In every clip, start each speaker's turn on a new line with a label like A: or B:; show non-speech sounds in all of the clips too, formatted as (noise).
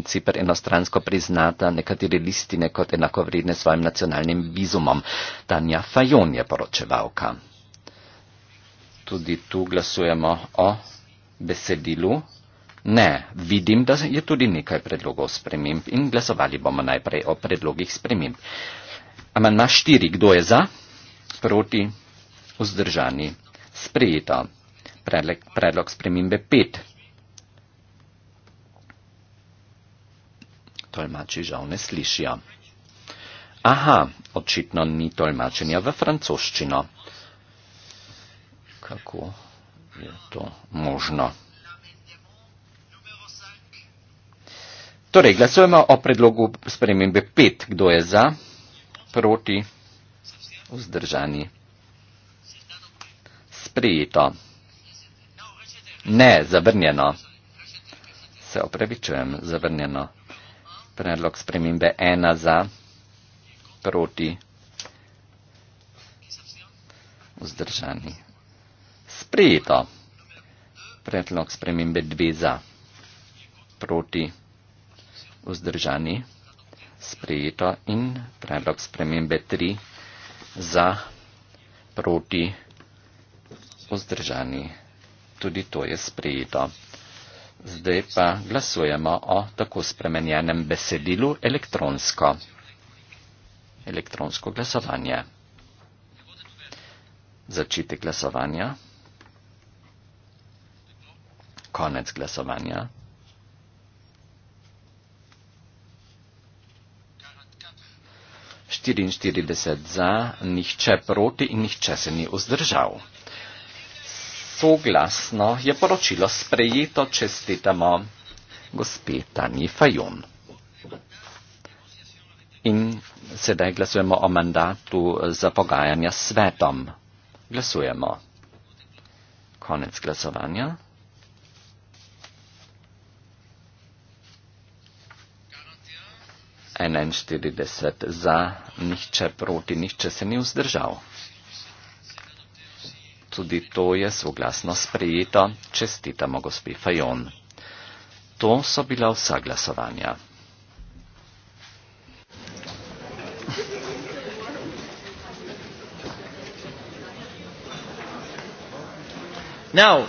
A: in Ciper enostransko priznata nekatere listine kot enakovredne svojim nacionalnim vizumom. Tanja Fajon je poročevalka. Tudi tu glasujemo o besedilu. Ne, vidim, da je tudi nekaj predlogov sprememb in glasovali bomo najprej o predlogih sprememb. Amandma štiri, kdo je za? Proti, vzdržani. Sprejeto. Predlog, predlog spremembe pet, tolmači žal ne slišijo. Aha, očitno ni tolmačenja v francoščino. Kako je to možno? Torej, glasujemo o predlogu spremembe 5. Kdo je za? Proti? Vzdržani? Sprijeto. Ne, zavrnjeno. Se opravičujem, zavrnjeno predlog spremembe ena za, proti, vzdržani. Sprejeto. Predlog spremembe dve za, proti, vzdržani. Sprejeto in predlog spremembe tri za, proti, vzdržani. Tudi to je sprejeto. Zdaj pa glasujemo o tako spremenjenem besedilu elektronsko. Elektronsko glasovanje. Začetek glasovanja. Konec glasovanja. Štiriinštirideset za, nihče proti in nihče se ni vzdržal soglasno je poročilo sprejeto, čestitamo gospe Tani Fajon. In sedaj glasujemo o mandatu eh, za pogajanja s svetom. Glasujemo. Konec glasovanja. Enajstideset za, nihče proti, nihče se ni vzdržal. Tudi to je soglasno sprejeto. Čestitamo gospi Fajon. To so bila vsa glasovanja. Now,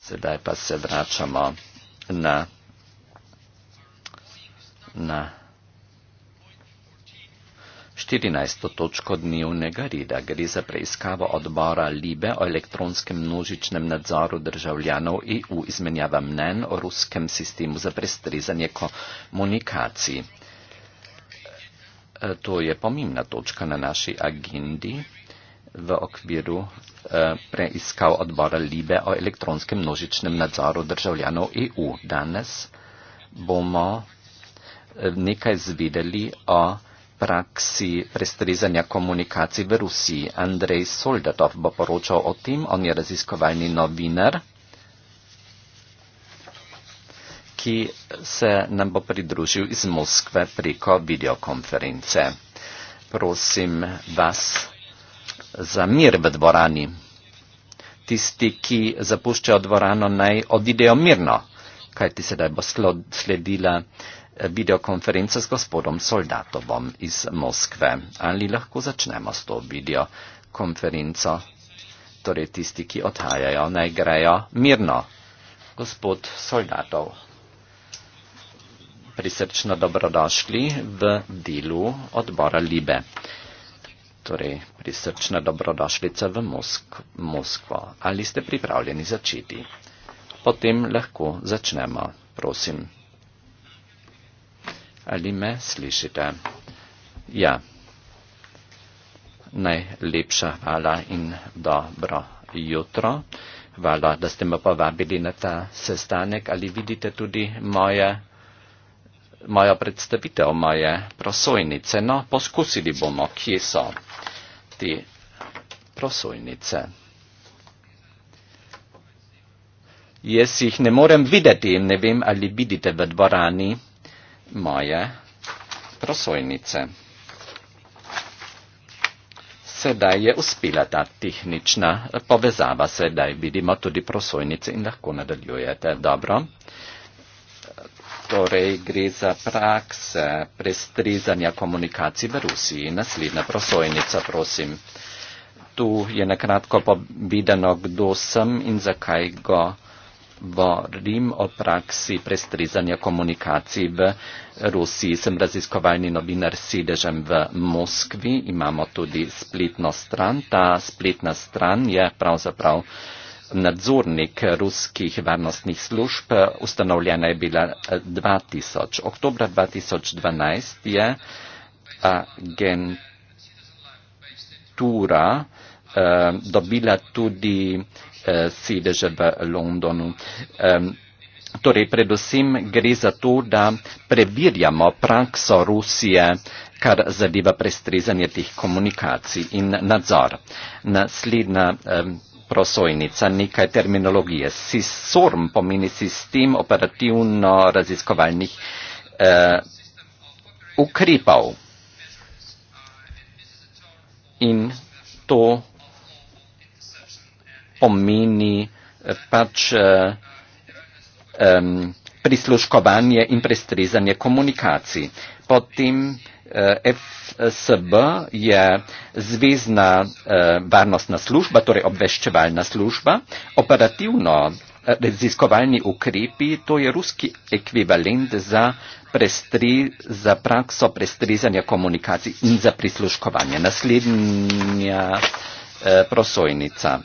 A: Sedaj pa se vračamo na. na 14. točko dnevnega reda gre za preiskavo odbora Libe o elektronskem množičnem nadzoru državljanov EU izmenjava mnen o ruskem sistemu za prestrezanje komunikacij. E, to je pomembna točka na naši agendi v okviru e, preiskav odbora Libe o elektronskem množičnem nadzoru državljanov EU. Danes bomo e, nekaj zvedeli o praksi prestrezanja komunikacij v Rusiji. Andrej Soldatov bo poročal o tem, on je raziskovalni novinar, ki se nam bo pridružil iz Moskve preko videokonference. Prosim vas za mir v dvorani. Tisti, ki zapuščajo dvorano, naj odidejo mirno, kajti sedaj bo sledila videokonference z gospodom Soldatovom iz Moskve. Ali lahko začnemo s to videokonferenco? Torej tisti, ki odhajajo, naj grejo mirno. Gospod Soldatov, prisrčno dobrodošli v delu odbora Libe. Torej, prisrčna dobrodošlica v Mosk Moskvo. Ali ste pripravljeni začeti? Potem lahko začnemo, prosim ali me slišite. Ja, najlepša hvala in dobro jutro. Hvala, da ste me povabili na ta sestanek. Ali vidite tudi moje, mojo predstavitev, moje prosojnice? No, poskusili bomo, kje so te prosojnice. Jaz jih ne morem videti in ne vem, ali vidite v dvorani moje prosojnice. Sedaj je uspela ta tehnična povezava, sedaj vidimo tudi prosojnice in lahko nadaljujete. Dobro. Torej gre za prakse prestrizanja komunikacij v Rusiji. Naslednja prosojnica, prosim. Tu je nakratko povedano, kdo sem in zakaj go govorim o praksi prestrizanja komunikacij v Rusiji. Sem raziskovalni novinar s sedežem v Moskvi. Imamo tudi spletno stran. Ta spletna stran je pravzaprav nadzornik ruskih varnostnih služb. Ustanovljena je bila 2000. Oktober 2012 je agentura eh, dobila tudi Eh, sedeže v Londonu. Torej, predvsem gre za to, da preverjamo prakso Rusije, kar zadeva prestrezanje teh komunikacij in nadzor. Naslednja prosojnica, nekaj terminologije. SISORM pomeni sistem operativno-raziskovalnih eh, ukrepov. In to pomeni eh, pač um, prisluškovanje in prestrezanje komunikacij. Potem eh, FSB je zvezna varnostna služba, torej obveščevalna služba, operativno raziskovalni ukrepi, to je ruski ekvivalent za, prestri, za prakso prestrezanja komunikacij in za prisluškovanje. Naslednja prosojnica.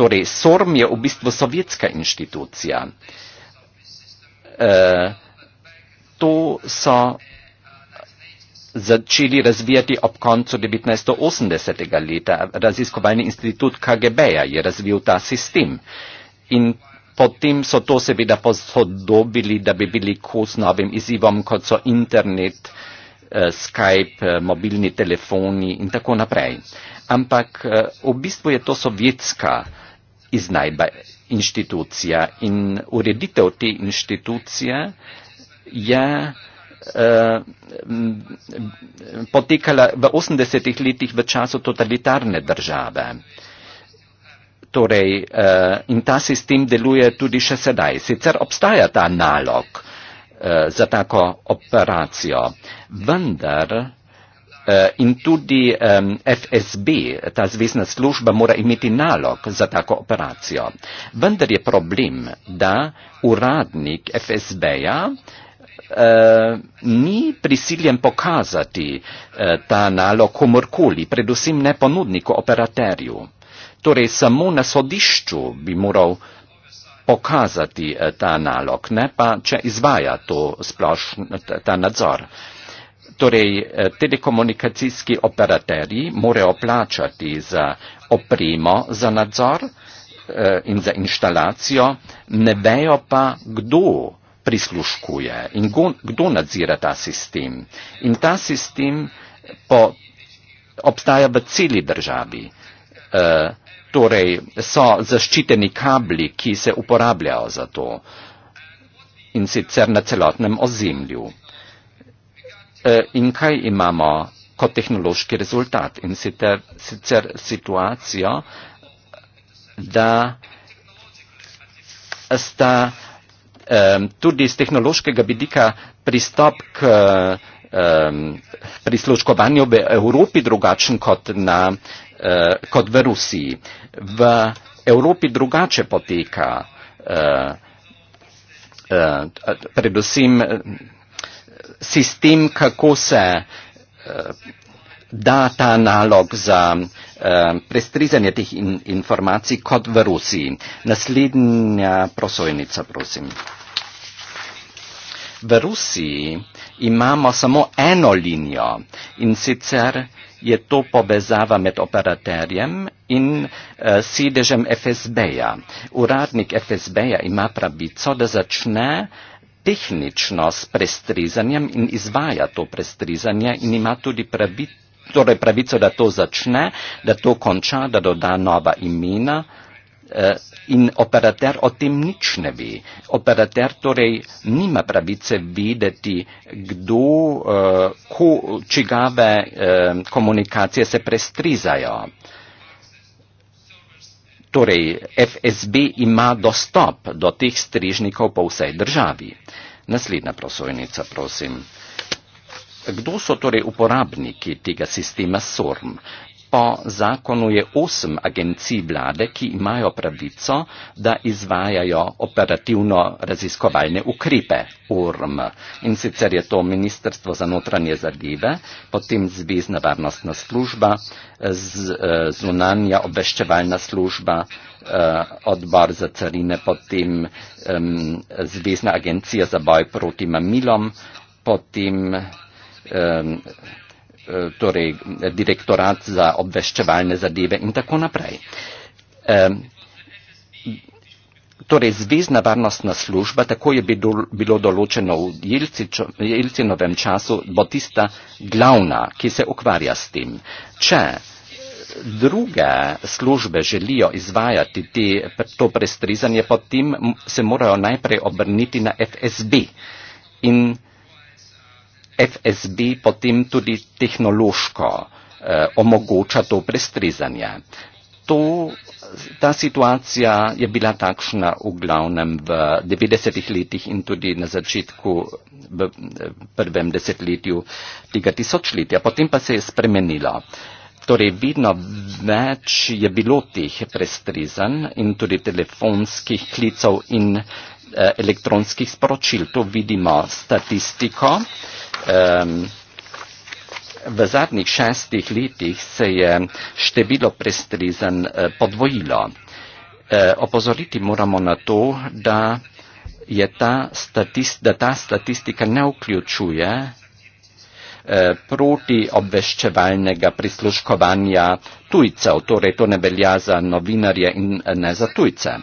A: Torej, SORM je v bistvu sovjetska inštitucija. E, to so začeli razvijati ob koncu 1980. leta. Raziskovalni institut KGB -ja je razvil ta sistem. In potem so to seveda posodobili, da bi bili kos novim izzivom, kot so internet, e, Skype, e, mobilni telefoni in tako naprej. Ampak e, v bistvu je to sovjetska iznajdba inštitucija. In ureditev te inštitucije je eh, potekala v 80-ih letih v času totalitarne države. Torej, eh, in ta sistem deluje tudi še sedaj. Sicer obstaja ta nalog eh, za tako operacijo, vendar Eh, in tudi FSB, ta zvezdna služba, mora imeti nalog za tako operacijo. Vendar je problem, da uradnik FSB-ja eh, ni prisiljen pokazati eh, ta nalog komorkoli, predvsem ne ponudniku operaterju. Torej samo na sodišču bi moral pokazati ta nalog, ne pa če izvaja ta nadzor torej eh, telekomunikacijski operaterji morajo plačati za opremo, za nadzor eh, in za inštalacijo, ne vejo pa, kdo prisluškuje in kdo nadzira ta sistem. In ta sistem po, obstaja v celi državi. E, torej so zaščiteni kabli, ki se uporabljajo za to in sicer na celotnem ozemlju. Eh, in kaj imamo kot tehnološki rezultat in sicer, sicer situacijo, da sta um, tudi z tehnološkega vidika pristop k um, prisluškovanju v Evropi drugačen kot, na, uh, kot v Rusiji. V Evropi drugače poteka uh, uh, predvsem. Uh, sistem, kako se eh, da ta nalog za eh, prestrizanje teh in, informacij kot v Rusiji. Naslednja prosojnica, prosim. V Rusiji imamo samo eno linijo in sicer je to povezava med operaterjem in uh, sedežem FSB-ja. Uradnik FSB-ja ima pravico, da začne uh, tehnično s prestrizanjem in izvaja to prestrizanje in ima tudi pravi, torej pravico, da to začne, da to konča, da doda nova imena eh, in operater o tem nič ne ve. Operater torej nima pravice vedeti, kdo, eh, ko, čigave eh, komunikacije se prestrizajo. Torej, FSB ima dostop do teh strežnikov po vsej državi. Naslednja prosojnica, prosim. Kdo so torej uporabniki tega sistema SORM? Po zakonu je osem agencij vlade, ki imajo pravico, da izvajajo operativno raziskovalne ukrepe URM. In sicer je to Ministrstvo za notranje zadeve, potem Zvezdna varnostna služba, e, zunanja obveščevalna služba, e, odbor za carine, potem Zvezdna agencija za boj proti mamilom, potem Eh, torej, direktorat za obveščevalne zadeve in tako naprej. Torej, Zvezdna varnostna služba, tako je bilo določeno v Jelcinovem času, bo tista glavna, ki se ukvarja s tem. Če druge službe želijo izvajati te, to prestrizanje, potem se morajo najprej obrniti na FSB. In FSB potem tudi tehnološko eh, omogoča to prestrezanje. To, ta situacija je bila takšna v glavnem v 90-ih letih in tudi na začetku v prvem desetletju tega tisočletja. Potem pa se je spremenilo. Torej, vedno več je bilo teh prestrezan in tudi telefonskih klicev in eh, elektronskih sporočil. To vidimo statistiko. Eh, um, v zadnjih šestih letih se je število prestrizen eh, podvojilo. Eh, opozoriti moramo na to, da, je ta, statist, da ta statistika ne vključuje eh, proti obveščevalnega prisluškovanja tujcev, torej to ne velja za novinarje in ne za tujce.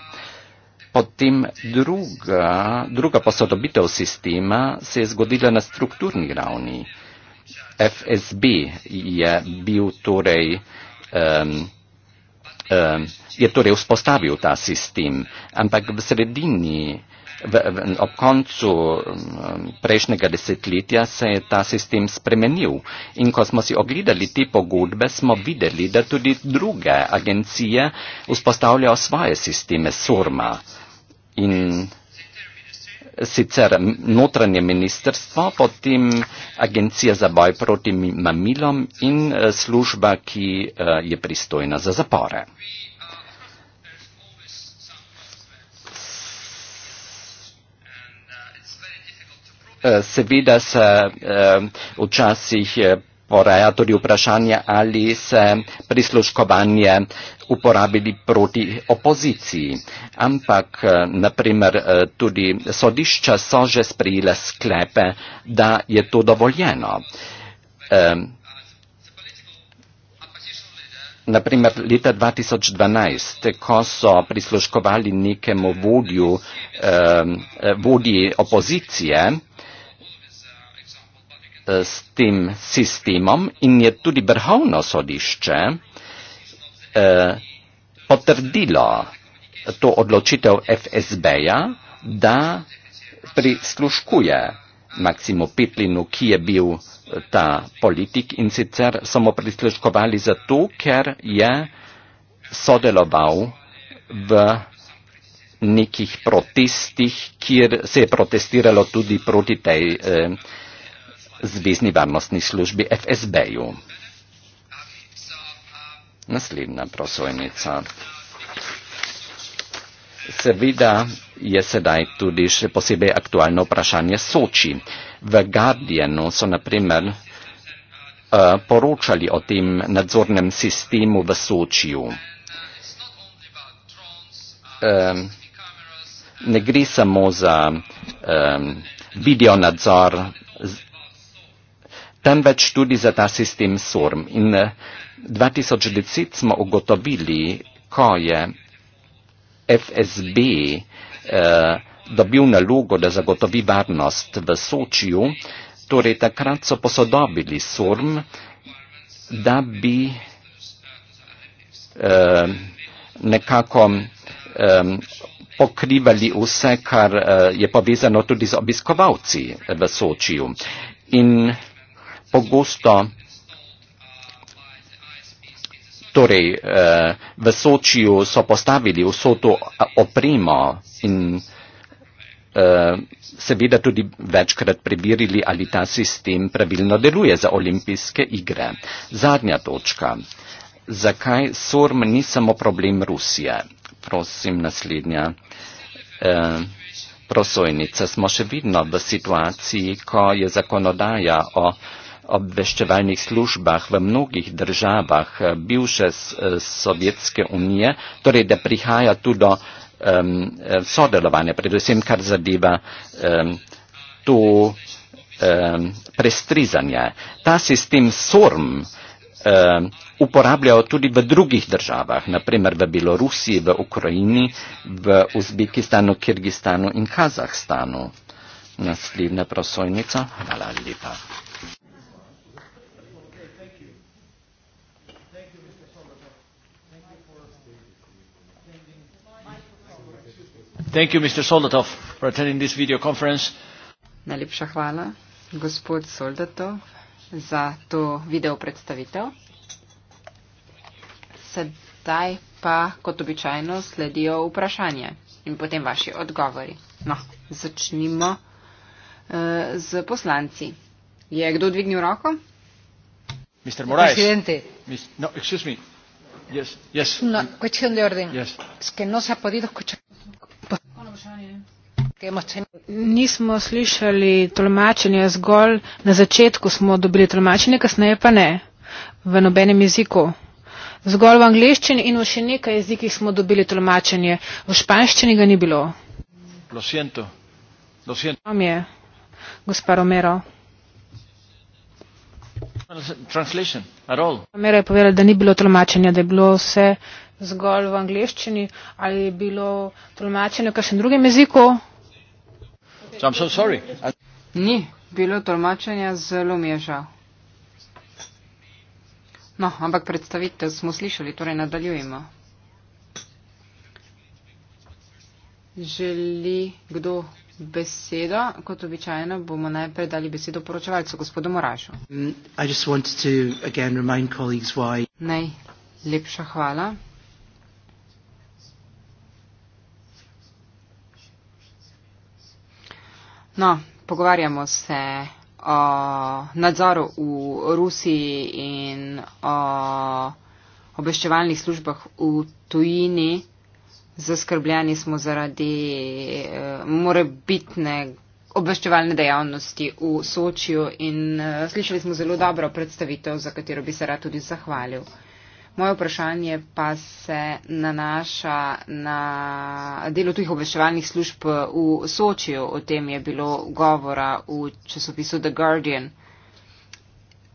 A: Potem druga, druga posodobitev sistema se je zgodila na strukturni ravni. FSB je bil torej. Um, je torej vzpostavil ta sistem, ampak v sredini, v, v, ob koncu prejšnjega desetletja se je ta sistem spremenil in ko smo si ogledali te pogodbe, smo videli, da tudi druge agencije vzpostavljajo svoje sisteme SORMA in sicer notranje ministrstvo, potem agencija za boj proti mamilom in eh, služba, ki eh, je pristojna za zapore. Eh, seveda se včasih poraja tudi vprašanje, ali se prisluškovanje uporabili proti opoziciji. Ampak, eh, naprimer, eh, tudi sodišča so že sprejele sklepe, da je to dovoljeno. Naprimer, leta 2012, ko so prisluškovali nekemu vodju, eh, vodji opozicije, s tem sistemom in je tudi vrhovno sodišče eh, potrdilo to odločitev FSB-ja, da prisluškuje Maksimu Petlinu, ki je bil eh, ta politik in sicer samo prisluškovali zato, ker je sodeloval v nekih protestih, kjer se je protestiralo tudi proti tej eh, Zvezni varnostni službi FSB-ju. Naslednja prosojnica. Seveda je sedaj tudi še posebej aktualno vprašanje Soči. V Guardianu so naprimer uh, eh, poročali o tem nadzornem sistemu v Sočiju. Um, ne gre samo za um, video nadzor temveč tudi za ta sistem SORM. In 2010 eh, smo ugotovili, ko je FSB eh, dobil nalogo, da zagotovi varnost v Sočiju, torej takrat so posodobili SORM, da bi eh, nekako eh, pokrivali vse, kar eh, je povezano tudi z obiskovalci eh, v Sočiju. In pogosto. Torej, eh, v Sočiju so postavili vso to opremo in eh, seveda tudi večkrat preverili, ali ta sistem pravilno deluje za olimpijske igre. Zadnja točka. Zakaj SORM ni samo problem Rusije? Prosim, naslednja eh, prosojnica. Smo še vidno v situaciji, ko je zakonodaja o. Eh, obveščevalnih službah v mnogih državah eh, bivše eh, Sovjetske unije, torej da prihaja tu do um, sodelovanja, predvsem kar zadeva um, to um, prestrizanje. Ta sistem SORM um, uporabljajo tudi v drugih državah, naprimer v Belorusiji, v Ukrajini, v Uzbekistanu, Kyrgyzstanu in Kazahstanu. Naslednja prosojnica. Hvala lepa. Thank you, Mr. Soldatov, for attending this video conference.
B: Najlepša hvala, gospod Soldatov, za to video predstavitev. Sedaj pa, kot običajno, sledijo vprašanje in potem vaši odgovori. No, začnimo uh, z poslanci. Je kdo dvignil roko?
A: Mr. Moraes. Presidente. No, excuse me. Yes, yes.
C: No, cuestión de orden. Yes.
B: Es que no se ha podido escuchar
C: vprašanje. Nismo slišali tolmačenja, zgolj na začetku smo dobili tolmačenje, kasneje pa ne, v nobenem jeziku. Zgolj v angliščini in v še nekaj jezikih smo dobili tolmačenje, v španščini ga ni bilo.
D: Lo siento.
A: Lo siento. Tam
C: je, gospa Romero. Romero je povedala, da ni bilo tolmačenja, da je bilo vse zgolj v angleščini ali je bilo tolmačenje v kakšnem drugem jeziku?
B: So so I... Ni bilo tolmačenja, zelo mi je žal. No, ampak predstavitev smo slišali, torej nadaljujemo. Želi kdo besedo? Kot običajno bomo najprej dali besedo poročevalcu, gospodu Moražu. Mm, Naj lepša hvala. No, pogovarjamo se o nadzoru v Rusiji in o obveščevalnih službah v tujini. Zaskrbljeni smo zaradi eh, morebitne obveščevalne dejavnosti v Sočiju in eh, slišali smo zelo dobro predstavitev, za katero bi se rad tudi zahvalil. Moje vprašanje pa se nanaša na delo tujih obveščevalnih služb v Sočiju. O tem je bilo govora v časopisu The Guardian.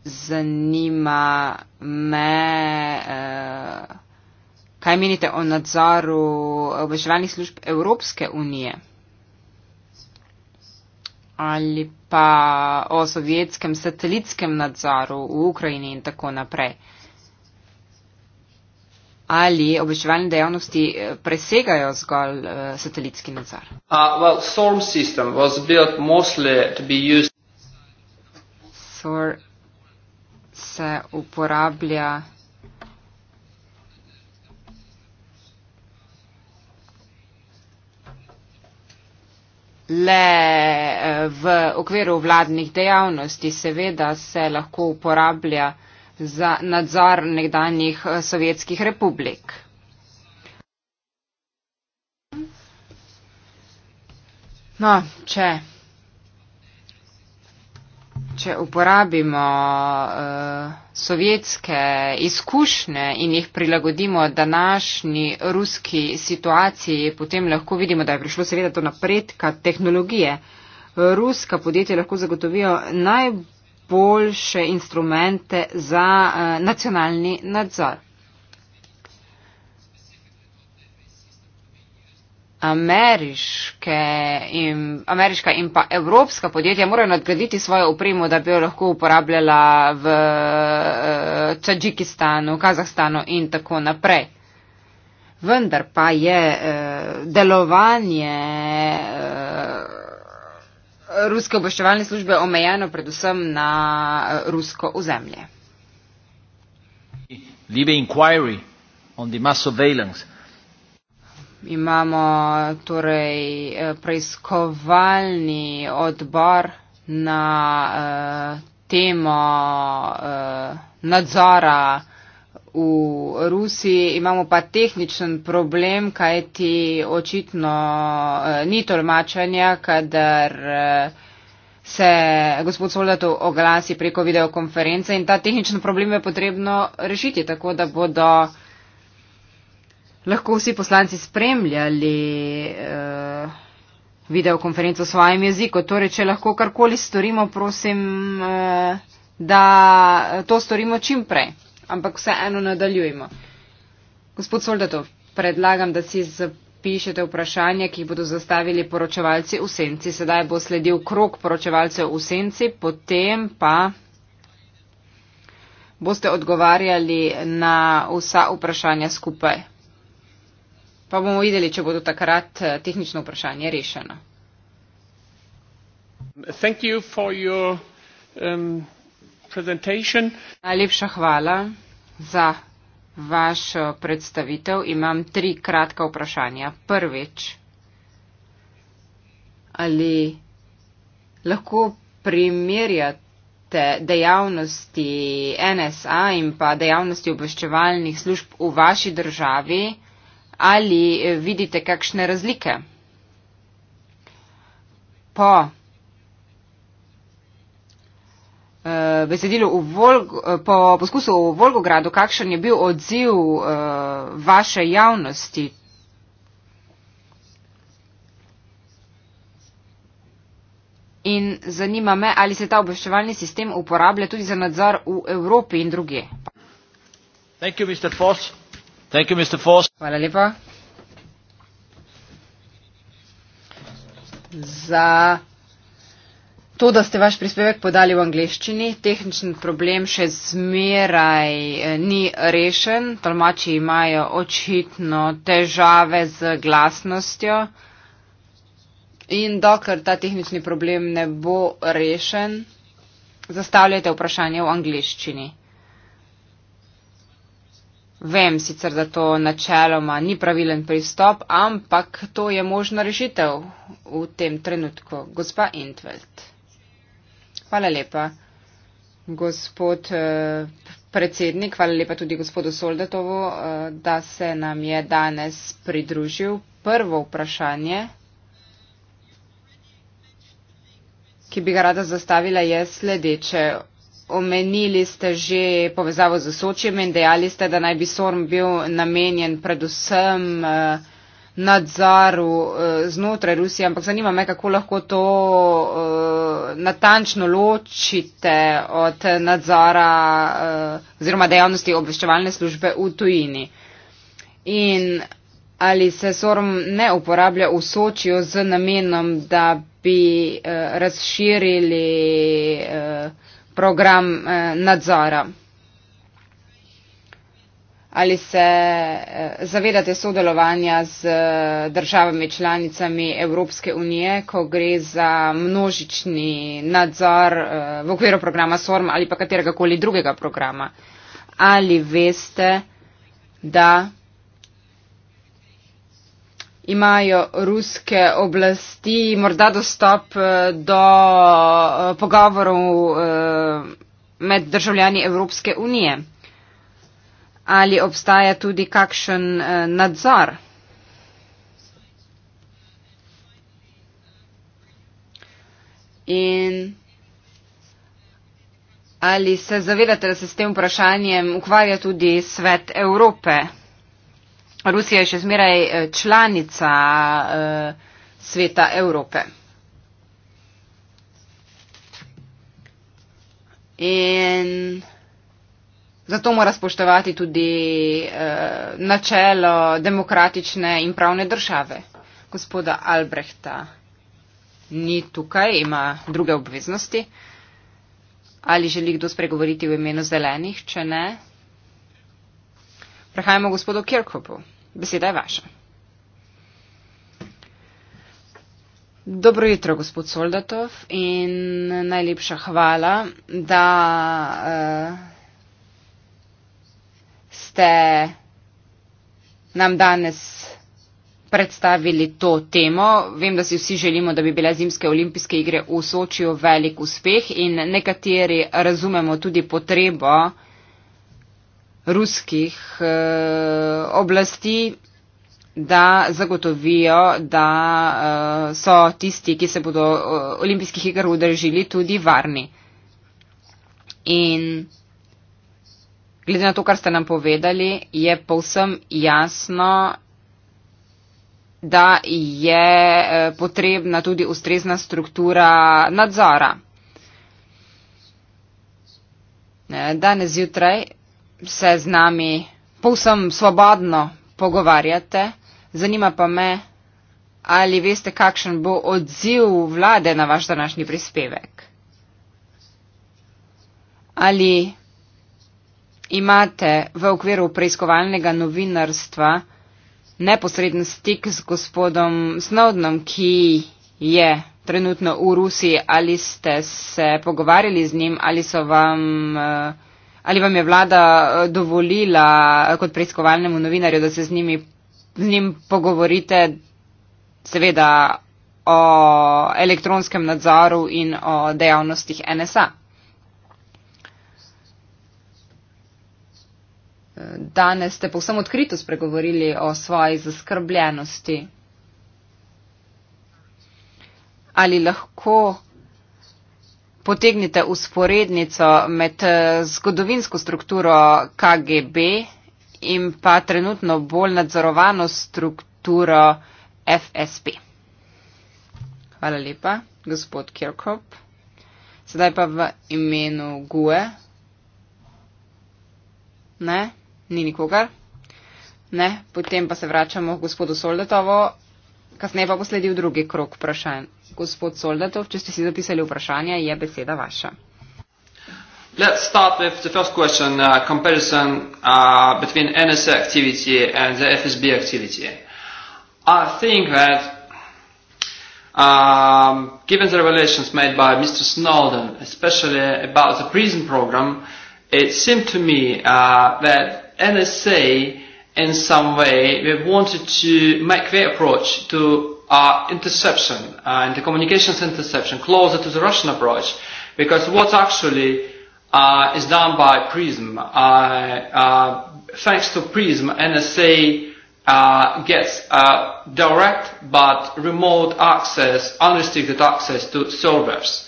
B: Zanima me, eh, kaj menite o nadzoru obveščevalnih služb Evropske unije ali pa o sovjetskem satelitskem nadzoru v Ukrajini in tako naprej. Uh, ali obveščevalne dejavnosti eh, presegajo zgolj eh, satelitski nadzor?
D: Uh, well, SORM sistem je bil mostly to be used.
B: SOR se uporablja. Le eh, v okviru vladnih dejavnosti seveda se lahko uporablja uh, za nadzor nekdanjih eh, sovjetskih republik. No, če, če uporabimo uh, sovjetske izkušnje in jih prilagodimo današnji ruski situaciji, potem lahko vidimo, da je prišlo seveda do napredka tehnologije. Ruska podjetja lahko zagotovijo najbolj boljše instrumente za uh, nacionalni nadzor. Ameriške in, ameriška in pa evropska podjetja morajo nadgraditi svojo opremo, da bi jo lahko uporabljala v uh, eh, Čačikistanu, Kazahstanu in tako naprej. Vendar pa je uh, delovanje uh, ruske obveščevalne službe omejeno predvsem na eh, rusko ozemlje. Imamo torej eh, preiskovalni odbor na uh, temo uh, nadzora v Rusiji, imamo pa tehničen problem, kajti očitno e, ni tolmačanja, kadar e, se gospod Soldatov oglasi preko videokonference in ta tehnični problem je potrebno rešiti, tako da bodo lahko vsi poslanci spremljali uh, videokonferenco v svojem jeziku. Torej, če lahko karkoli storimo, prosim, uh, da to storimo čim prej ampak vseeno nadaljujmo. Gospod Soldatov, predlagam, da si zapišete vprašanje, ki jih bodo zastavili poročevalci v senci. Sedaj bo sledil krok poročevalcev v senci, potem pa boste odgovarjali na vsa vprašanja skupaj. Pa bomo videli, če bodo takrat eh, tehnično vprašanje rešeno. Um, Najlepša hvala za vašo eh, predstavitev. Imam tri kratka vprašanja. Prvič, ali lahko primerjate dejavnosti NSA in pa dejavnosti obveščevalnih služb v vaši državi ali eh, vidite kakšne razlike? Po uh, besedilo v Volg, eh, po poskusu v Volgogradu, kakšen je bil odziv uh, vaše javnosti? In zanima me, ali se ta obveščevalni sistem uporablja tudi za nadzor v Evropi in druge. Thank you, Mr. Foss. Thank you, Mr. Foss. Hvala lepa. Za. To, da ste vaš prispevek podali v angleščini, tehničen problem še zmeraj eh, ni rešen. Tolmači imajo očitno težave z glasnostjo. In dokler ta tehnični problem ne bo rešen, zastavljate vprašanje v angleščini. Vem sicer, da to načeloma ni pravilen pristop, ampak to je možna rešitev v tem trenutku. Gospa Intveld. Hvala lepa. Gospod eh, predsednik, hvala lepa tudi gospodu Soldatovu, eh, da se nam je danes pridružil. Prvo vprašanje, ki bi ga rada zastavila, je sledeče. Omenili ste že povezavo z Sočjem in dejali ste, da naj bi SORM bil namenjen predvsem. Uh, nadzoru eh, znotraj Rusije, ampak zanima me, kako lahko to eh, natančno ločite od nadzora eh, oziroma dejavnosti obveščevalne službe v tujini. In ali se SORM ne uporablja v Sočijo z namenom, da bi razširili program nadzora? ali se eh, zavedate sodelovanja z eh, državami članicami Evropske unije, ko gre za množični nadzor eh, v okviru programa SORM ali pa katerega koli drugega programa? Ali veste, da imajo ruske oblasti morda dostop do pogovorov med državljani Evropske unije? ali obstaja tudi kakšen eh, nadzor. In ali se zavedate, da se s tem vprašanjem ukvarja tudi svet Evrope? Rusija je še zmeraj eh, članica eh, sveta Evrope. In Zato mora spoštovati tudi eh, načelo demokratične in pravne države. Gospoda Albrehta ni tukaj, ima druge obveznosti. Ali želi kdo spregovoriti v imenu zelenih, če ne? Prehajamo gospodu Kirkopu. Beseda je vaša. Dobro jutro, gospod Soldatov, in najlepša hvala, da eh, ste nam danes predstavili to temo. Vem, da si vsi želimo, da bi bile zimske olimpijske igre v Sočiju velik uspeh in nekateri razumemo tudi potrebo ruskih e, oblasti, da zagotovijo, da e, so tisti, ki se bodo e, olimpijskih iger udržili, tudi varni. In glede na to, kar ste nam povedali, je povsem jasno, da je eh, potrebna tudi ustrezna struktura nadzora. Eh, danes zjutraj se z nami povsem svobodno pogovarjate. Zanima pa me, ali veste, kakšen bo odziv vlade na vaš današnji prispevek. Ali imate v okviru preiskovalnega novinarstva neposreden stik z gospodom Snowdenom, ki je trenutno v Rusiji, ali ste se pogovarjali z njim, ali so vam. Eh, ali vam je vlada eh, dovolila eh, kot preiskovalnemu novinarju, da se z, njimi, z njim pogovorite, seveda o elektronskem nadzoru in o dejavnostih NSA? Danes ste povsem odkrito spregovorili o svoji zaskrbljenosti. Ali lahko potegnete usporednico med eh, zgodovinsko strukturo KGB in pa trenutno bolj nadzorovano strukturo FSP? Hvala lepa, gospod Kirkhop. Sedaj pa v imenu GUE. Ne? ni nikogar. Ne, potem pa se vračamo k gospodu Soldatovo, kasneje pa bo sledil drugi krok vprašanj. Gospod Soldatov, če ste si zapisali vprašanje, je beseda vaša.
D: Let's start with the first question, uh, comparison uh, between NSA activity and the FSB activity. I think that um, given the revelations made by Mr. Snowden, especially about the prison program, it seemed to me uh, that NSA in some way, we wanted to make their approach to uh, interception uh, and the communications interception closer to the Russian approach. Because what actually uh, is done by PRISM, uh, uh, thanks to PRISM, NSA uh, gets uh, direct but remote access, unrestricted access to servers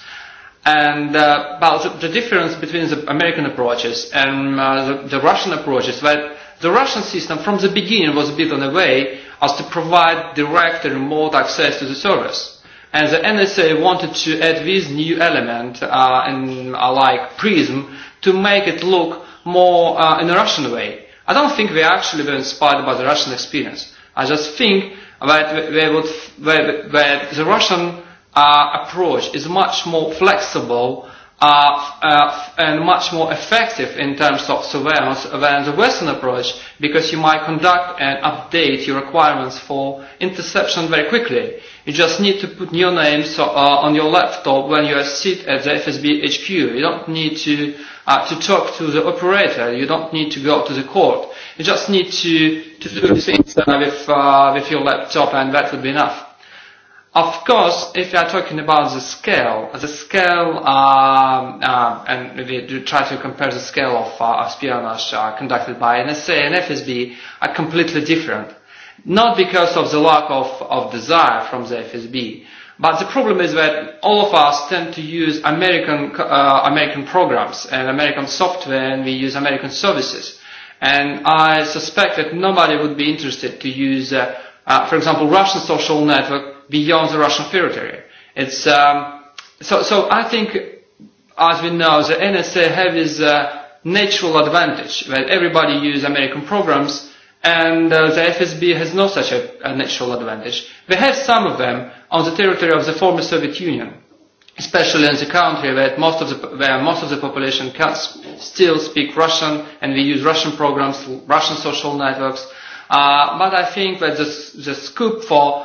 D: and uh, about the, the difference between the American approaches and uh, the, the Russian approaches. But the Russian system from the beginning was a bit on the way as to provide direct and remote access to the service. And the NSA wanted to add this new element, uh, in, uh, like Prism, to make it look more uh, in a Russian way. I don't think we actually were inspired by the Russian experience. I just think that, that, that, that the Russian uh, approach is much more flexible uh, uh, and much more effective in terms of surveillance than the Western approach because you might conduct and update your requirements for interception very quickly. You just need to put your name so, uh, on your laptop when you sit at the FSB HQ. You don't need to, uh, to talk to the operator. You don't need to go to the court. You just need to, to do things uh, with, uh, with your laptop and that would be enough. Of course, if you are talking about the scale, the scale, um, uh, and we try to compare the scale of uh, espionage uh, conducted by NSA and FSB are completely different. Not because of the lack of, of desire from the FSB, but the problem is that all of us tend to use American, uh, American programs and American software and we use American services. And I suspect that nobody would be interested to use, uh, uh, for example, Russian social network beyond the Russian territory. It's um, so. So I think, as we know, the NSA have this uh, natural advantage that everybody use American programs, and uh, the FSB has no such a, a natural advantage. They have some of them on the territory of the former Soviet Union, especially in the country where most of the where most of the population can still speak Russian, and we use Russian programs, Russian social networks. Uh, but I think that the, the scoop for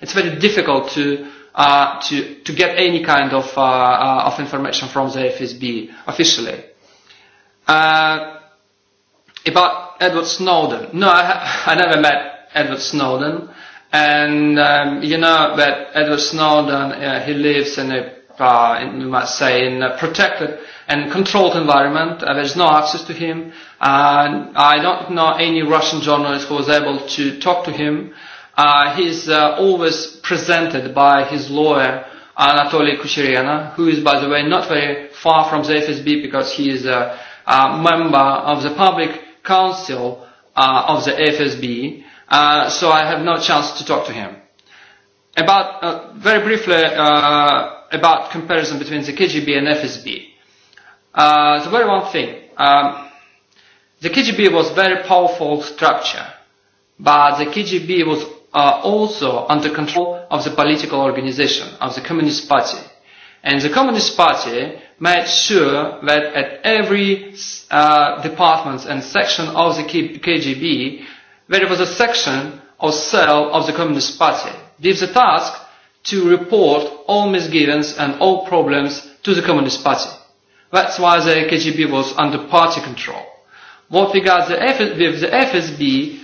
D: it's very difficult to uh, to to get any kind of uh, uh of information from the FSB officially. Uh, about Edward Snowden, no, I, (laughs) I never met Edward Snowden, and um, you know that Edward Snowden uh, he lives in a uh, in, we must say in a protected and controlled environment. Uh, there's no access to him. Uh, I don't know any Russian journalist who was able to talk to him uh, he's uh, always presented by his lawyer, Anatoly Kucherena, who is, by the way, not very far from the FSB because he is a, a member of the public council uh, of the FSB. Uh, so I have no chance to talk to him. About, uh, very briefly, uh, about comparison between the KGB and FSB. Uh, the very one thing, um, the KGB was very powerful structure, but the KGB was are also under control of the political organization of the Communist Party. And the Communist Party made sure that at every uh, department and section of the KGB, there was a section or cell of the Communist Party, gave the task to report all misgivings and all problems to the Communist Party. That's why the KGB was under party control. What we got the, F- with the FSB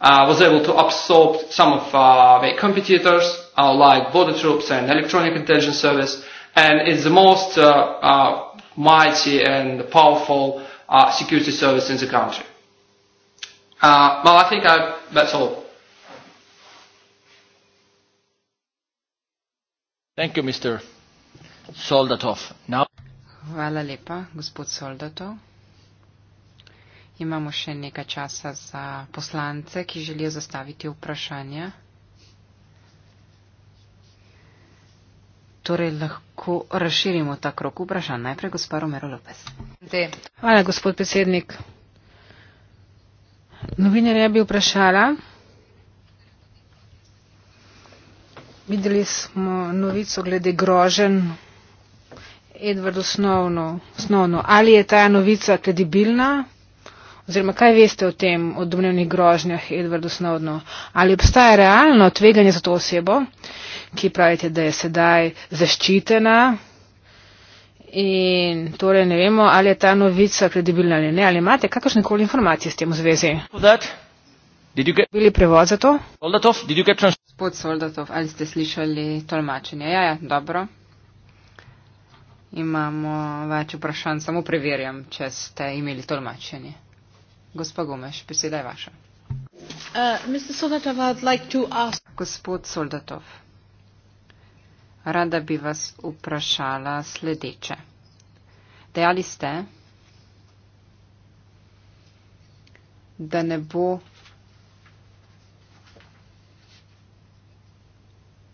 D: uh, was able to absorb some of uh, their competitors, uh, like border troops and electronic intelligence service, and is the most uh, uh, mighty and powerful uh, security service in the country. Uh, well, I think I, that's all. Thank you,
A: Mr. Soldatov. Now.
B: Hvala lepa, gospod Soldatov. Imamo še nekaj časa za poslance, ki želijo zastaviti vprašanja. Torej lahko razširimo ta krok vprašanj. Najprej gospod Romero Lopez.
C: Hvala, gospod predsednik. Novinarja bi vprašala. Videli smo novico glede grožen Edvardu Snovno. Ali je ta novica kredibilna? oziroma kaj veste o tem, o domnevnih grožnjah Edwardu Snowdnu? Ali obstaja realno tveganje za to osebo, ki pravite, da je sedaj zaščitena? In torej ne vemo, ali je ta novica kredibilna ali ne, ali imate kakršne koli informacije s tem v zvezi.
B: Bili prevod za to? Gospod Soldatov, ali ste slišali tolmačenje? Ja, ja, dobro. Imamo več vprašanj, samo preverjam, če ste imeli tolmačenje. Gospa Gomeš, beseda je vaša. Uh, Gospod Soldatov, rada bi vas vprašala sledeče. Dejali ste, da ne bo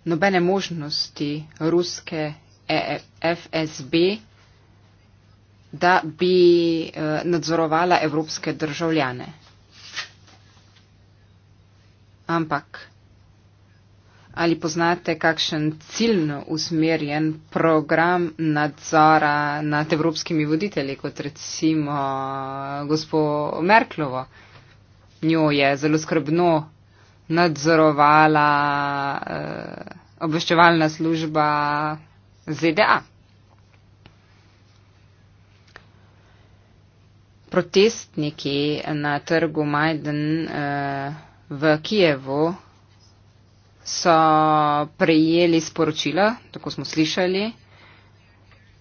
B: nobene možnosti ruske e FSB da bi eh, nadzorovala evropske državljane. Ampak ali poznate kakšen ciljno usmerjen program nadzora nad evropskimi voditelji, kot recimo eh, gospod Merklovo? Njo je zelo skrbno nadzorovala eh, obveščevalna služba ZDA. protestniki na trgu Majden eh, v Kijevu so prejeli sporočila, tako smo slišali,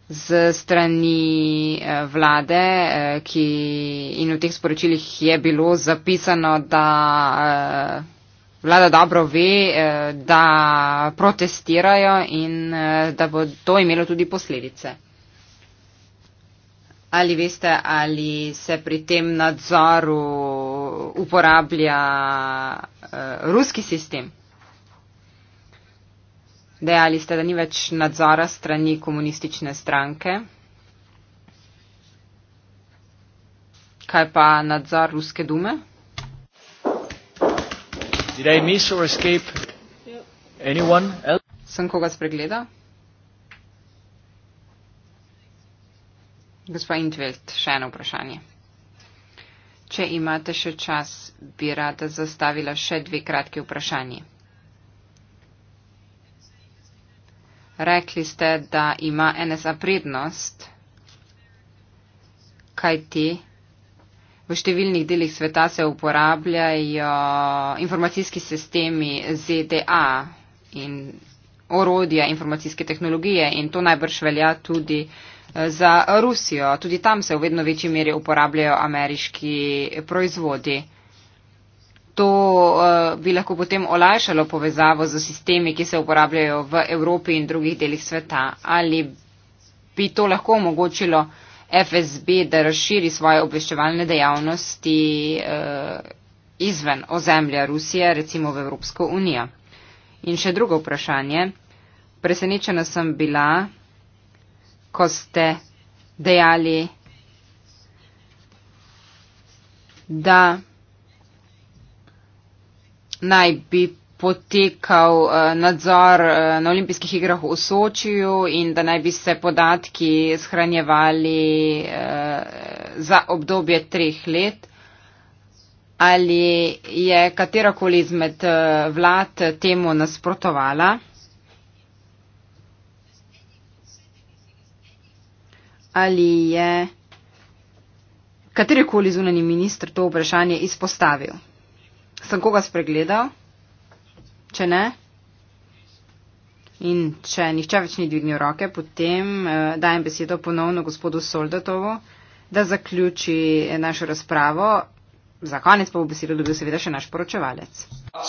B: z strani eh, vlade eh, ki, in v teh sporočilih je bilo zapisano, da vlada dobro ve, da protestirajo in da bo to imelo tudi posledice. Ali veste, ali se pri tem nadzoru uporablja uh, ruski sistem? Dejali ste, da ni več nadzora strani komunistične stranke. Kaj pa nadzor ruske dume? Sem koga spregledal? Gospa Intveld, še eno vprašanje. Če imate še čas, bi rada zastavila še dve kratke vprašanje. Rekli ste, da ima NSA prednost, kaj ti? V številnih delih sveta se uporabljajo informacijski sistemi ZDA in orodja informacijske tehnologije in to najbrž velja tudi uh, za Rusijo. Tudi tam se v vedno večji meri uporabljajo ameriški proizvodi. To eh, bi lahko potem olajšalo povezavo z sistemi, ki se uporabljajo v Evropi in drugih delih sveta. Ali bi to lahko omogočilo FSB, da razširi svoje obveščevalne dejavnosti eh, izven ozemlja Rusije, recimo v Evropsko unijo? In še drugo vprašanje. Presenečena sem bila, ko ste dejali, da naj bi potekal eh, nadzor eh, na olimpijskih igrah v Sočiju in da naj bi se podatki shranjevali eh, za obdobje treh let. Ali je katerokoli izmed vlad temu nasprotovala? ali je katerikoli zunani ministr to vprašanje izpostavil. Sem koga spregledal? Če ne? In če nihče več ni dvignil roke, potem eh, dajem besedo ponovno gospodu Soldatovu, da zaključi eh, našo razpravo. Za konec pa bo besedo dobil seveda še naš poročevalec.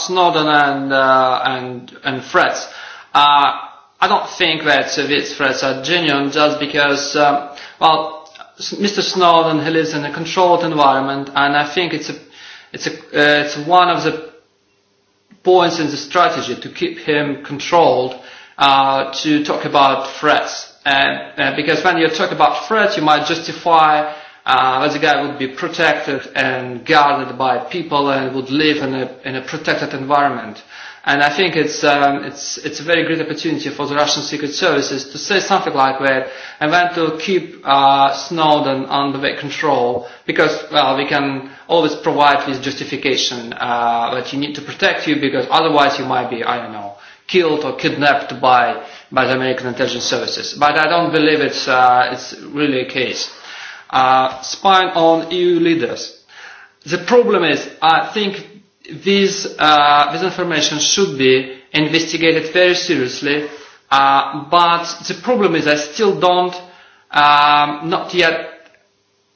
D: Snowden in, uh, and, and Fred. Uh, I don't think that Soviet threats are genuine just because uh, well, Mr. Snowden, he lives in a controlled environment, and I think it's a, it's a, uh, it's one of the points in the strategy to keep him controlled uh, to talk about threats. And, uh, uh, because when you talk about threats, you might justify uh, that the guy would be protected and guarded by people and would live in a, in a protected environment. Uh, And I think it's, um, it's, it's a very great opportunity for the Russian Secret Services to say something like that and then to keep uh, Snowden under their control because, well, we can always provide this justification uh, that you need to protect you because otherwise you might be, I don't know, killed or kidnapped by, by the American intelligence services. But I don't believe it's, uh, it's really a case. Uh, spying on EU leaders. The problem is, I think this, uh, this information should be investigated very seriously, uh, but the problem is I still don't um, not yet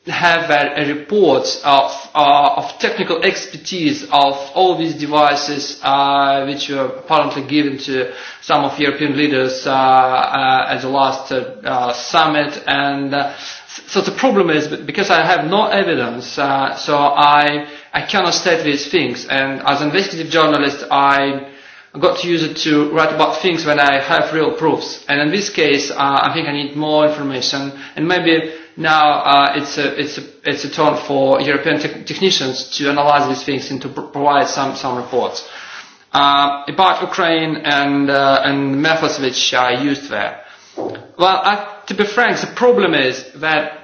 D: have a, a report of, uh, of technical expertise of all these devices uh, which were apparently given to some of European leaders uh, uh, at the last uh, uh, summit. And uh, so the problem is because I have no evidence, uh, so I I cannot state these things. And as an investigative journalist, I got to use it to write about things when I have real proofs. And in this case, uh, I think I need more information. And maybe now uh, it's a it's a it's a turn for European te- technicians to analyze these things and to pr- provide some some reports uh, about Ukraine and uh, and the methods which are used there. Well, I, to be frank, the problem is that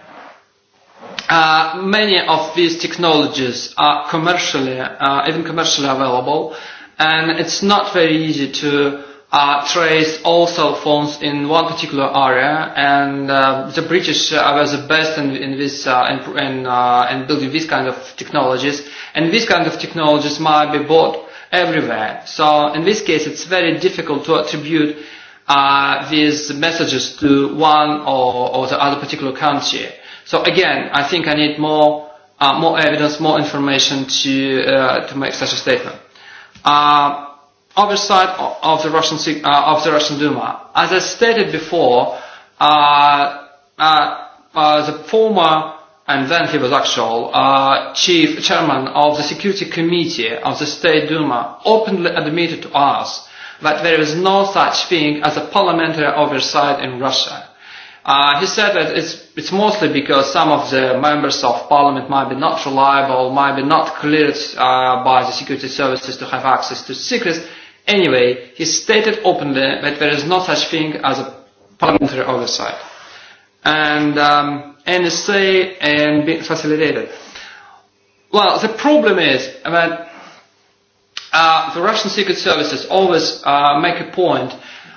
D: Uh, many of these technologies are commercially, uh, even commercially available, and it's not very easy to uh, trace all cell phones in one particular area. And uh, the British are the best in, in this uh, in, in, uh, in building these kind of technologies, and these kind of technologies might be bought everywhere. So in this case, it's very difficult to attribute. Uh, these messages to one or, or the other particular country. Uh, So again, I think I need more uh, more evidence, more information to uh, to make such a statement. Uh, other side of the Russian uh, of the Russian Duma, as I stated before, uh, uh, uh, the former and then he was actual uh, chief chairman of the security committee of the State Duma openly admitted to us that there is no such thing as a parliamentary oversight in Russia. Uh, he said that it's, it's mostly because some of the members of parliament might be not reliable, might be not cleared uh, by the security services to have access to secrets. Anyway, he stated openly that there is no such thing as a parliamentary oversight. And um, NSA and being facilitated. Well, the problem is that uh, the Russian secret services always uh, make a point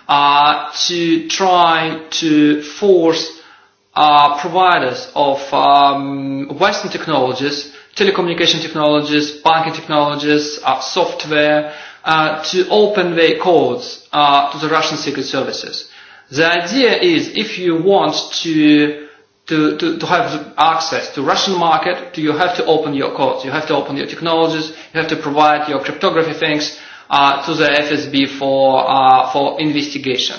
D: uh, to try to force uh, providers of um, Western technologies, telecommunication technologies, banking technologies, uh, software, uh, to open their codes uh, to the Russian secret services. The idea is if you want to to, to, to have access to Russian market, you have to open your codes, you have to open your technologies, you have to provide your cryptography things, Uh, to the FSB for uh, for investigation.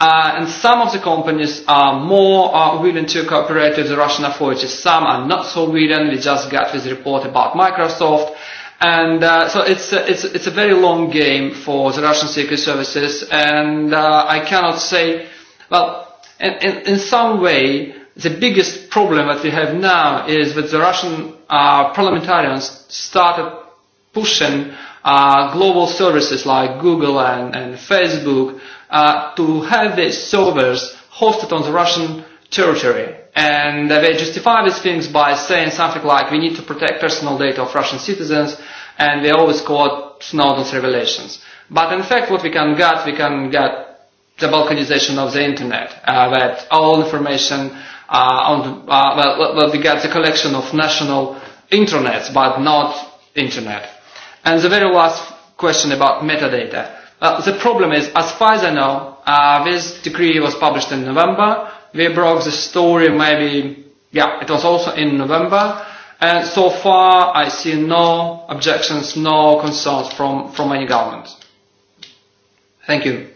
D: Uh, and some of the companies are more uh, willing to cooperate with the Russian authorities. Some are not so willing. We just got this report about Microsoft. And uh, so it's a, uh, it's, it's a very long game for the Russian Secret Services. And uh, I cannot say, well, in, in, in some way, the biggest problem that we have now is that the Russian uh, parliamentarians started pushing uh, global services like Google and, and Facebook uh, to have these servers hosted on the Russian territory. And they justify these things by saying something like, we need to protect personal data of Russian citizens, and they always quote Snowden's revelations. But in fact, what we can get, we can get the balkanization of the internet, uh, that all information uh, on the, uh, well, well, we get the collection of national intranets, but not internet. And the very last question about metadata. Uh, the problem is, as far as I know, uh, this decree was published in November. We broke the story maybe, yeah, it was also in November. And so far, I see no objections, no concerns from, from any government. Thank you.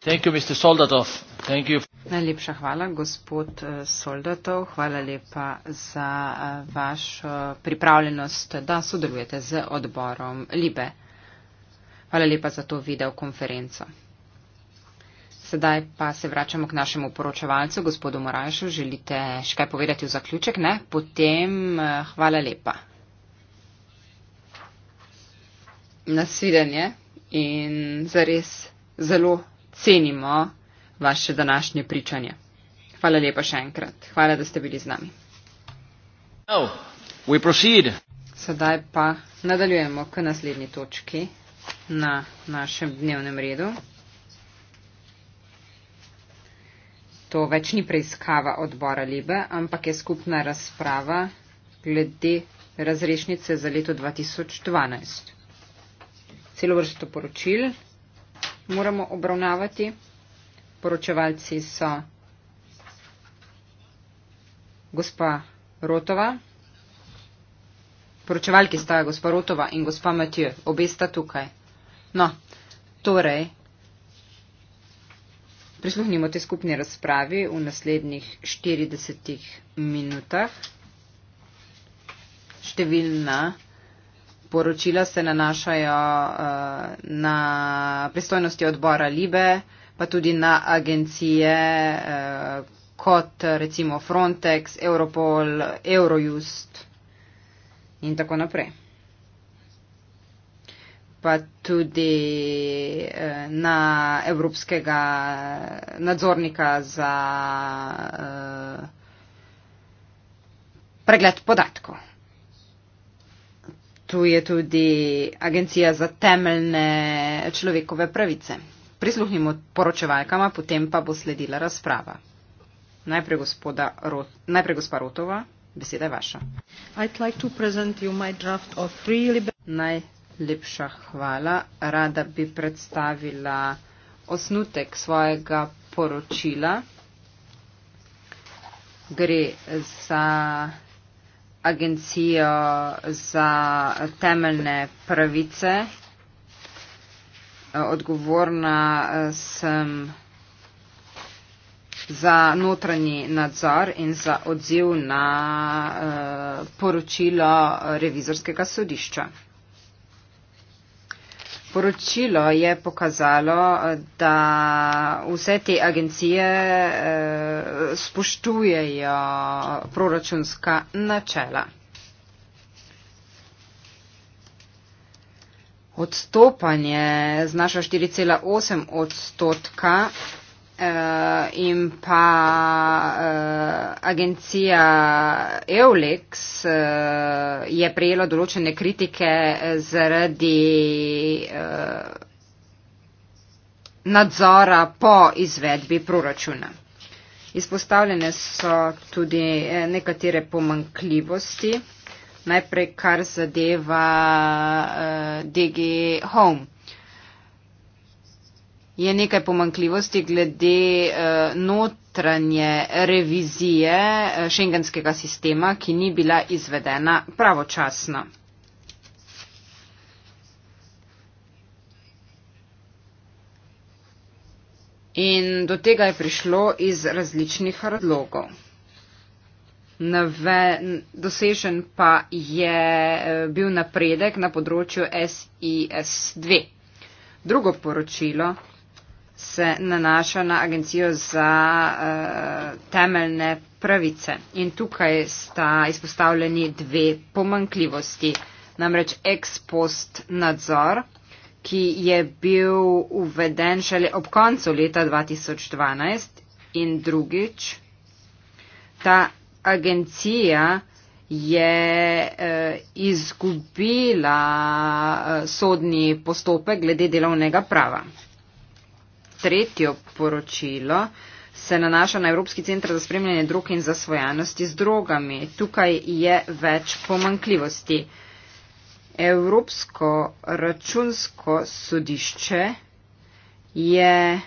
D: Thank
B: you, Mr. Soldatov. Najlepša hvala, gospod eh, Soldatov. Hvala lepa za eh, vašo pripravljenost, da sodelujete z odborom Libe. Hvala lepa za to videokonferenco. Sedaj pa se vračamo k našemu poročevalcu, gospodu Morajšu. Želite še kaj povedati v zaključek? Ne? Potem eh, hvala lepa. Nasvidenje in zares zelo cenimo vaše današnje pričanje. Hvala lepa še enkrat. Hvala, da ste bili z nami. Sedaj pa nadaljujemo k naslednji točki na našem dnevnem redu. To več ni preiskava odbora Libe, ampak je skupna razprava glede razrešnice za leto 2012. Celo vrsto poročil moramo obravnavati poročevalci so gospa Rotova, poročevalki sta gospa Rotova in gospa Matija, obe sta tukaj. No, torej, prisluhnimo te skupni razpravi v naslednjih 40 minutah. Številna poročila se nanašajo uh, na pristojnosti odbora Libe, pa tudi na agencije eh, kot recimo Frontex, Europol, Eurojust in tako naprej. Pa tudi eh, na evropskega nadzornika za eh, pregled podatkov. Tu je tudi agencija za temeljne človekove pravice prisluhnimo poročevalkama, potem pa bo sledila razprava. Najprej, Rot, najprej gospa Rotova, beseda je vaša. Like really Najlepša hvala. Rada bi predstavila osnutek svojega poročila. Gre za agencijo za temeljne pravice odgovorna eh, sem za notranji nadzor in za odziv na eh, poročilo revizorskega sodišča. Poročilo je pokazalo, da vse te agencije eh, spoštujejo proračunska načela. odstopanje znaša 4,8 odstotka uh, in pa uh, agencija Eulex uh, je prejela določene kritike zaradi uh, nadzora po izvedbi proračuna. Izpostavljene so tudi nekatere pomankljivosti najprej kar zadeva uh, eh, DG Home. Je nekaj pomankljivosti glede uh, notranje revizije uh, šengenskega sistema, ki ni bila izvedena pravočasno. In do tega je prišlo iz različnih razlogov nave, dosežen pa je eh, bil napredek na področju SIS-2. Drugo poročilo se nanaša na Agencijo za uh, temeljne pravice. In tukaj sta izpostavljeni dve pomankljivosti, namreč ex post nadzor, ki je bil uveden šele ob koncu leta 2012 in drugič ta agencija je eh, izgubila eh, sodni postopek glede delovnega prava. Tretjo poročilo se nanaša na Evropski centr za spremljanje drog in zasvojanosti z drogami. Tukaj je več pomankljivosti. Evropsko računsko sodišče je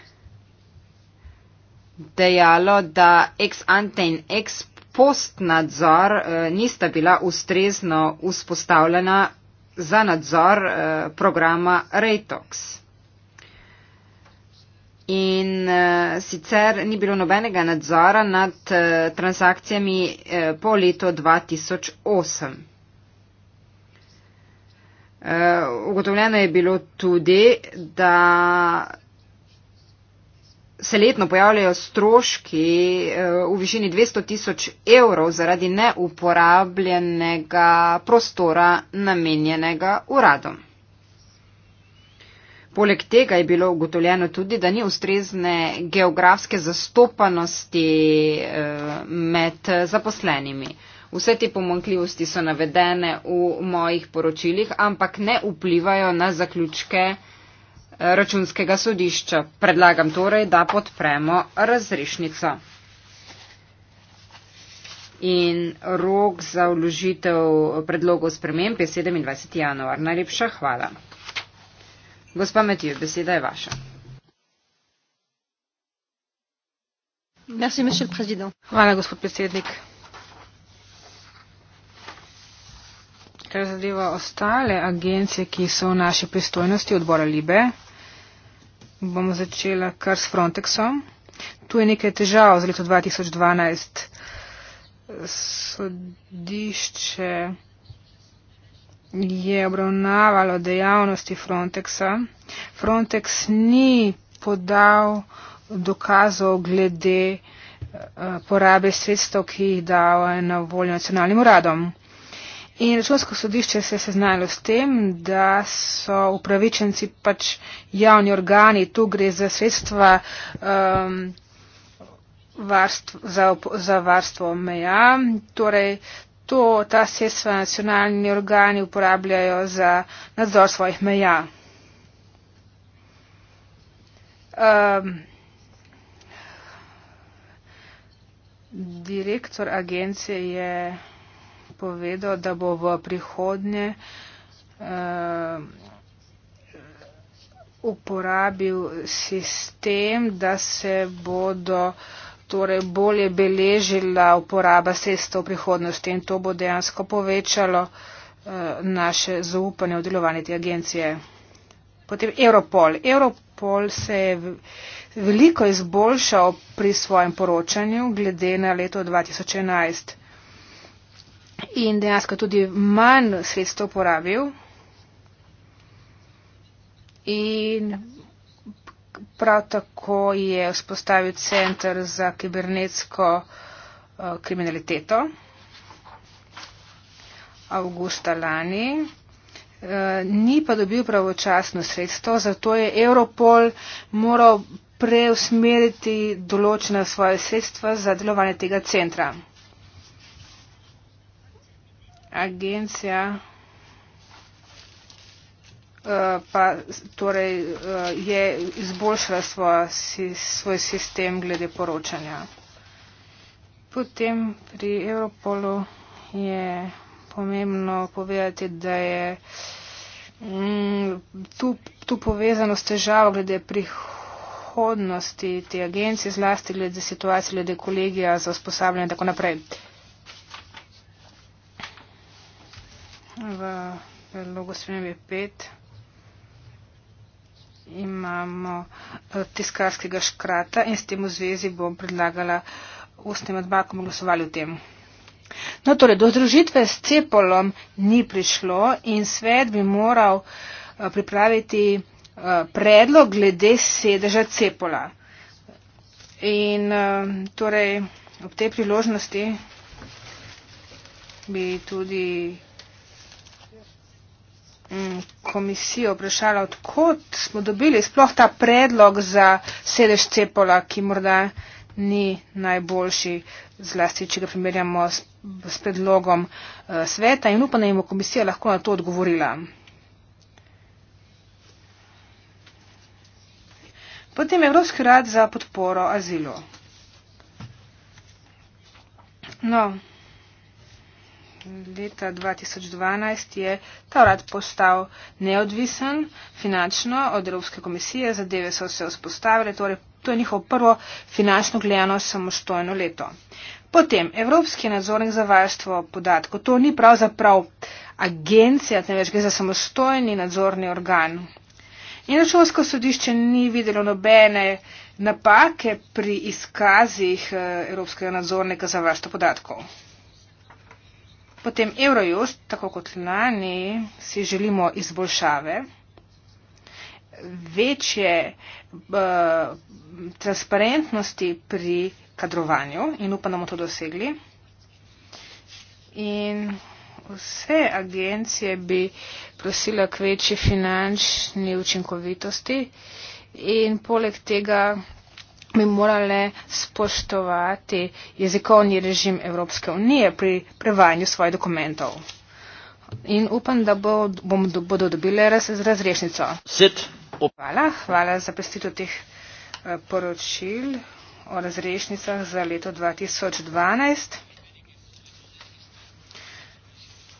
B: dejalo, da ex ante in ex postnadzor eh, nista bila ustrezno vzpostavljena za nadzor eh, programa Raytox. In uh, sicer ni bilo nobenega nadzora nad uh, transakcijami uh, po letu 2008. Uh, ugotovljeno je bilo tudi, da se letno pojavljajo stroški eh, v višini 200 tisoč evrov zaradi neuporabljenega prostora namenjenega uradom. Poleg tega je bilo ugotovljeno tudi, da ni ustrezne geografske zastopanosti eh, med zaposlenimi. Vse te pomankljivosti so navedene v mojih poročilih, ampak ne vplivajo na zaključke računskega sodišča. Predlagam torej, da podpremo razrešnico. In rok za vložitev predlogov sprememb je 27. januar. Najlepša hvala. Gospa Metijo, beseda je vaša.
C: Hvala, gospod predsednik. kar zadeva ostale agencije, ki so v naši pristojnosti odbora Libe, bom začela kar s Frontexom. Tu je nekaj težav z leto 2012. Sodišče je obravnavalo dejavnosti Frontexa. Frontex ni podal dokazov glede eh, porabe sredstev, ki jih dajo eh, na voljo nacionalnim uradom. In računsko sodišče se je seznalo s tem, da so upravičenci pač javni organi, tu gre za sredstva um, varstv, za, za varstvo meja. Torej, to, ta sredstva nacionalni organi uporabljajo za nadzor svojih meja. Um, direktor agencije je povedal, da bo v prihodnje eh, uporabil sistem, da se bodo torej bolje beležila uporaba sredstva v prihodnosti in to bo dejansko povečalo eh, naše zaupanje v delovanje te agencije. Potem Europol. Europol se je veliko izboljšal pri svojem poročanju glede na leto 2011 in dejansko tudi manj sredstev porabil. In prav tako je vzpostavil centr za kibernetsko uh, kriminaliteto avgusta lani. Uh, ni pa dobil pravočasno sredstvo, zato je Europol moral preusmeriti določena svoje sredstva za delovanje tega centra agencija eh, pa torej eh, je izboljšala svoj, svoj sistem glede poročanja. Potem pri Europolu je pomembno povedati, da je mm, tu, tu povezano s težavo glede prihodnosti te agencije, zlasti glede situacije, glede kolegija za usposabljanje in tako naprej. v predlogu spremembe 5 imamo eh, tiskarskega škrata in s tem v zvezi bom predlagala ustnem odbakom glasovali o tem. No, torej, do združitve s Cepolom ni prišlo in svet bi moral eh, pripraviti eh, predlog glede sedeža Cepola. In torej, ob tej priložnosti bi tudi Mm, komisijo vprašala, odkot smo dobili sploh ta predlog za sedež cepola, ki morda ni najboljši, zlasti, če ga primerjamo s, s predlogom uh, sveta in upam, da jim bo komisija lahko na to odgovorila. Potem Evropski rad za podporo azilu. No leta 2012 je ta urad postal neodvisen finančno od Evropske komisije, zadeve so se vzpostavile, torej to je njihovo prvo finančno gledano samostojno leto. Potem Evropski nadzornik za varstvo podatkov, to ni pravzaprav agencija, temveč gre za samostojni nadzorni organ. In računsko sodišče ni videlo nobene napake pri izkazih eh, Evropskega nadzornika za varstvo podatkov. Potem Eurojust, tako kot lani, si želimo izboljšave, večje b, eh, transparentnosti pri kadrovanju in upamo, da bomo to dosegli. In vse agencije bi prosila k večji finančni učinkovitosti in poleg tega bi morale spoštovati jezikovni režim Evropske unije pri prevajanju svojih dokumentov. In upam, da bo, bom, do, bodo dobile raz, razrešnico. Hvala, hvala za prestito teh eh, poročil o razrešnicah za leto 2012.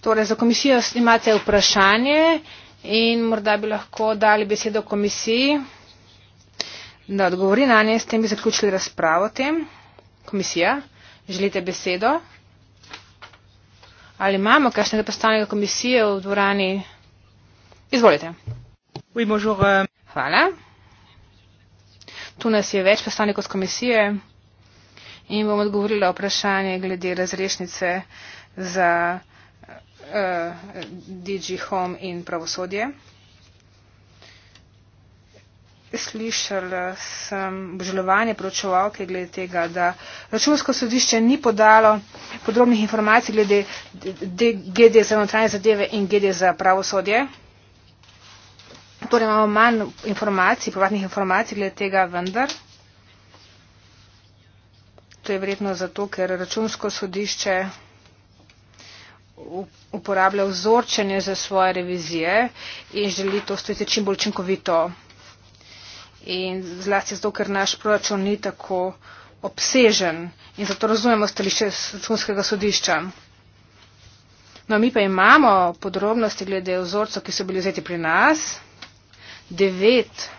C: Torej, za komisijo imate vprašanje in morda bi lahko dali besedo komisiji da odgovori na nje, s tem bi zaključili razpravo o tem. Komisija, želite besedo? Ali imamo kakšnega predstavnika komisije v dvorani? Izvolite. Oui, bonjour. Euh. Hvala. Tu nas je več predstavnikov z komisije in bom odgovorila vprašanje glede razrešnice za uh, eh, eh, DG Home in pravosodje slišala sem obžalovanje pročevalke glede tega, da računsko sodišče ni podalo podrobnih informacij glede GD za notranje zadeve in GD za pravosodje. Torej imamo manj informacij, povratnih informacij glede tega vendar. To je verjetno zato, ker računsko sodišče uporablja vzorčenje za svoje revizije in želi to storiti čim bolj učinkovito in zlasti zato, ker naš proračun ni tako obsežen in zato razumemo stališče računskega sodišča. No, mi pa imamo podrobnosti glede vzorcev, ki so bili vzeti pri nas. Devet,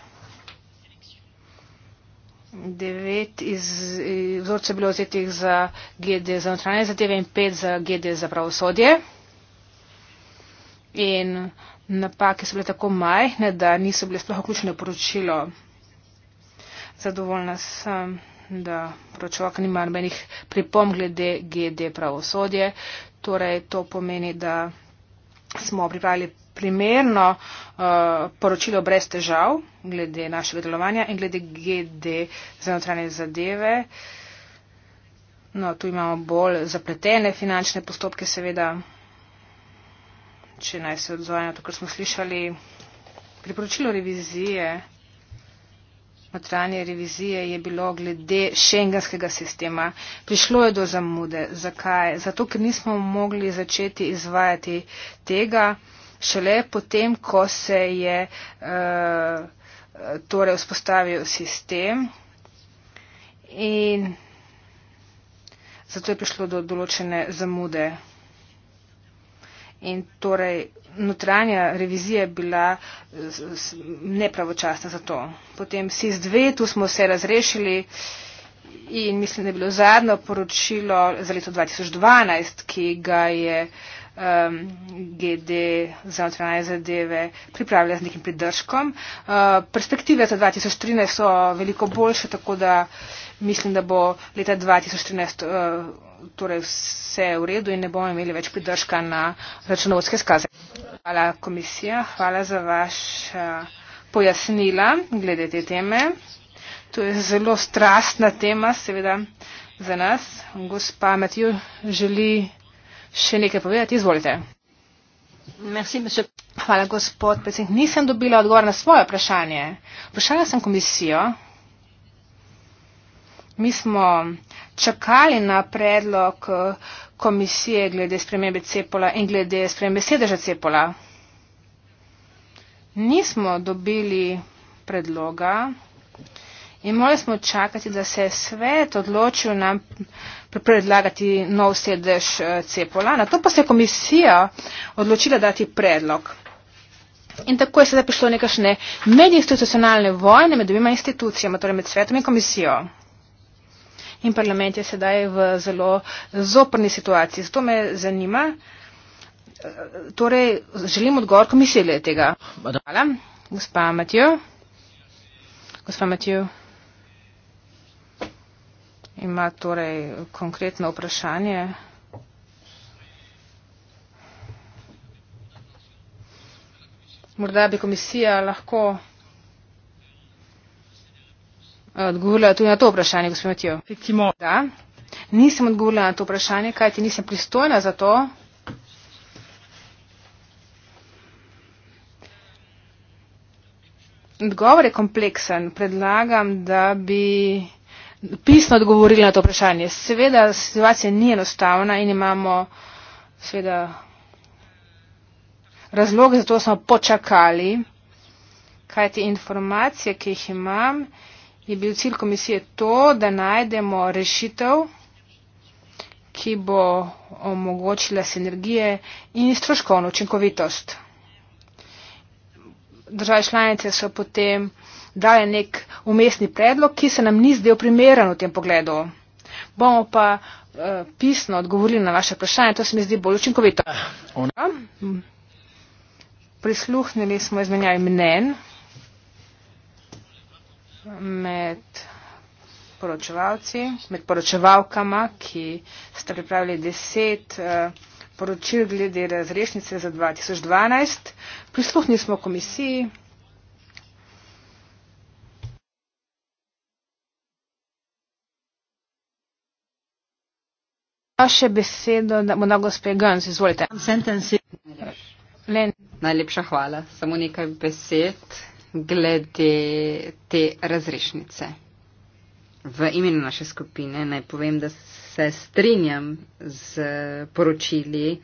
C: devet vzorcev je bilo vzetih za GD za notranje zadeve in pet za GD za pravosodje. In napake so bile tako majhne, da niso bile sploh vključene v poročilo. Zadovoljna sem, da pročovak nima armenih pripom glede GD pravosodje. Torej, to pomeni, da smo pripravili primerno uh, poročilo brez težav glede našega delovanja in glede GD za notranje zadeve. No, tu imamo bolj zapletene finančne postopke, seveda, če naj se odzove na to, kar smo slišali. Priporočilo revizije notranje revizije je bilo glede šengenskega sistema. Prišlo je do zamude. Zakaj? Zato, ker nismo mogli začeti izvajati tega šele potem, ko se je uh, torej vzpostavil sistem. In zato je prišlo do določene zamude. In torej notranja revizija bila nepravočasna za to. Potem SIS-2, tu smo se razrešili in mislim, da je bilo zadnjo poročilo za leto 2012, ki ga je um, GD za notranje zadeve pripravila z nekim pridržkom. Uh, perspektive za 2013 so veliko boljše, tako da mislim, da bo leta 2013. Uh, torej vse v redu in ne bomo imeli več pridržka na računovodske skaze. Hvala komisija, hvala za vaša pojasnila glede te teme. To je zelo strastna tema, seveda, za nas. Gospa Matiju želi še nekaj povedati. Izvolite. Merci, Hvala, gospod predsednik. Nisem dobila odgovor na svoje vprašanje. Vprašala sem komisijo. Mi smo čakali na predlog eh, komisije glede spremembe cepola in glede spremembe sedeža cepola. Nismo dobili predloga in morali smo čakati, da se je svet odločil nam predlagati nov sedež eh, cepola. Na to pa se je komisija odločila dati predlog. In tako je sedaj prišlo nekašne medinstitucionalne vojne med dvima institucijama, torej med svetom in komisijo in parlament je sedaj v zelo zoprni situaciji. Zato me zanima, torej želim odgovor komisije tega. Hvala. Gospa Matijo. Gospa Matijo. Ima torej konkretno vprašanje. Morda bi komisija lahko odgovorila tudi na to vprašanje, gospod Matijo. Efektivno. Da, nisem odgovorila na to vprašanje, kajti nisem pristojna za to. Odgovor je kompleksen. Predlagam, da bi pisno odgovorili na to vprašanje. Seveda, situacija ni enostavna in imamo seveda razloge, zato smo počakali, kajti informacije, ki jih imam, je bil cilj komisije to, da najdemo rešitev, ki bo omogočila sinergije in stroškovno učinkovitost. Države članice so potem dali nek umestni predlog, ki se nam ni zdel primeren v tem pogledu. Bomo pa uh, pisno odgovorili na vaše vprašanje, to se mi zdi bolj učinkovito. Prisluhnili smo izmenjavi mnen med poročevalci, med poročevalkama, ki sta pripravili deset eh, poročil glede razrešnice za 2012. Prisluhnili smo komisiji. Vaše besedo, da bo na gospe
B: Gans, izvolite. Najlepša hvala, samo nekaj besed glede te razrešnice. V imenu naše skupine naj povem, da se strinjam z poročili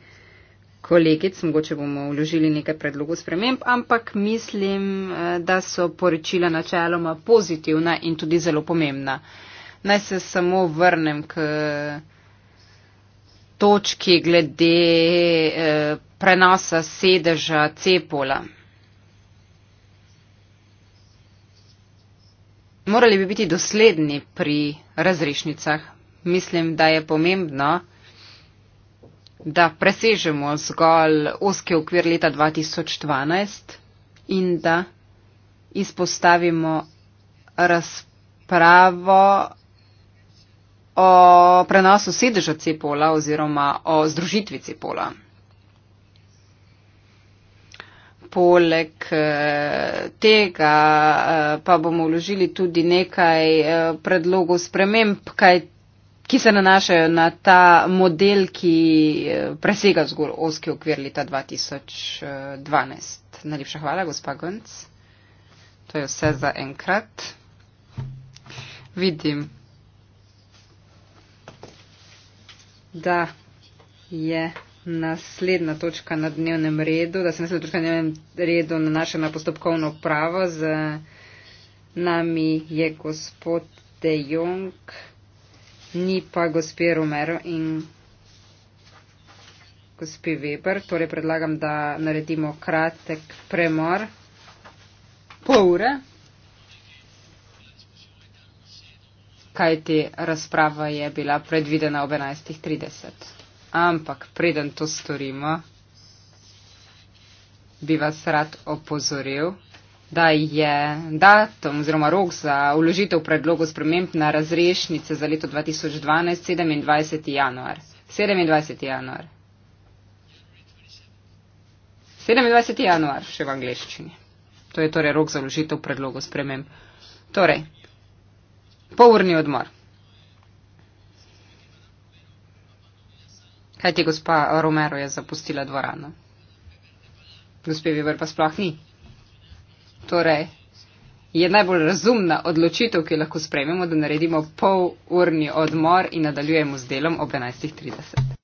B: kolegic, mogoče bomo vložili nekaj predlogov sprememb, ampak mislim, da so poročila načeloma pozitivna in tudi zelo pomembna. Naj se samo vrnem k točki glede eh, prenosa sedeža Cepola. morali bi biti dosledni pri razrešnicah. Mislim, da je pomembno, da presežemo zgolj oske okvir leta 2012 in da izpostavimo razpravo o prenosu sedeža cepola oziroma o združitvi cepola poleg eh, tega eh, pa bomo vložili tudi nekaj eh, predlogov sprememb, kaj, ki se nanašajo na ta model, ki presega zgolj oski okvir leta 2012. Najlepša hvala, gospa Gonc. To je vse za enkrat. Vidim, da je. Yeah. Naslednja točka na dnevnem redu, da se naslednja točka na dnevnem redu nanaša na postopkovno pravo, z nami je gospod De Jong, ni pa gospe Romero in gospe Weber. Torej predlagam, da naredimo kratek premor. Pol ure. Kaj ti razprava je bila predvidena ob 11.30? Ampak preden to storimo, bi vas rad opozoril, da je datum oziroma rok za uložitev predlogov sprememb na razrešnice za leto 2012 27. januar. 27. januar. 27. januar še v angleščini. To je torej rok za uložitev predlogov sprememb. Torej, pourni odmor. Kaj ti gospa Romero je zapustila dvorano? Gospe Viver pa sploh ni. Torej, je najbolj razumna odločitev, ki jo lahko sprejmemo, da naredimo pol urni odmor in nadaljujemo z delom ob 11.30.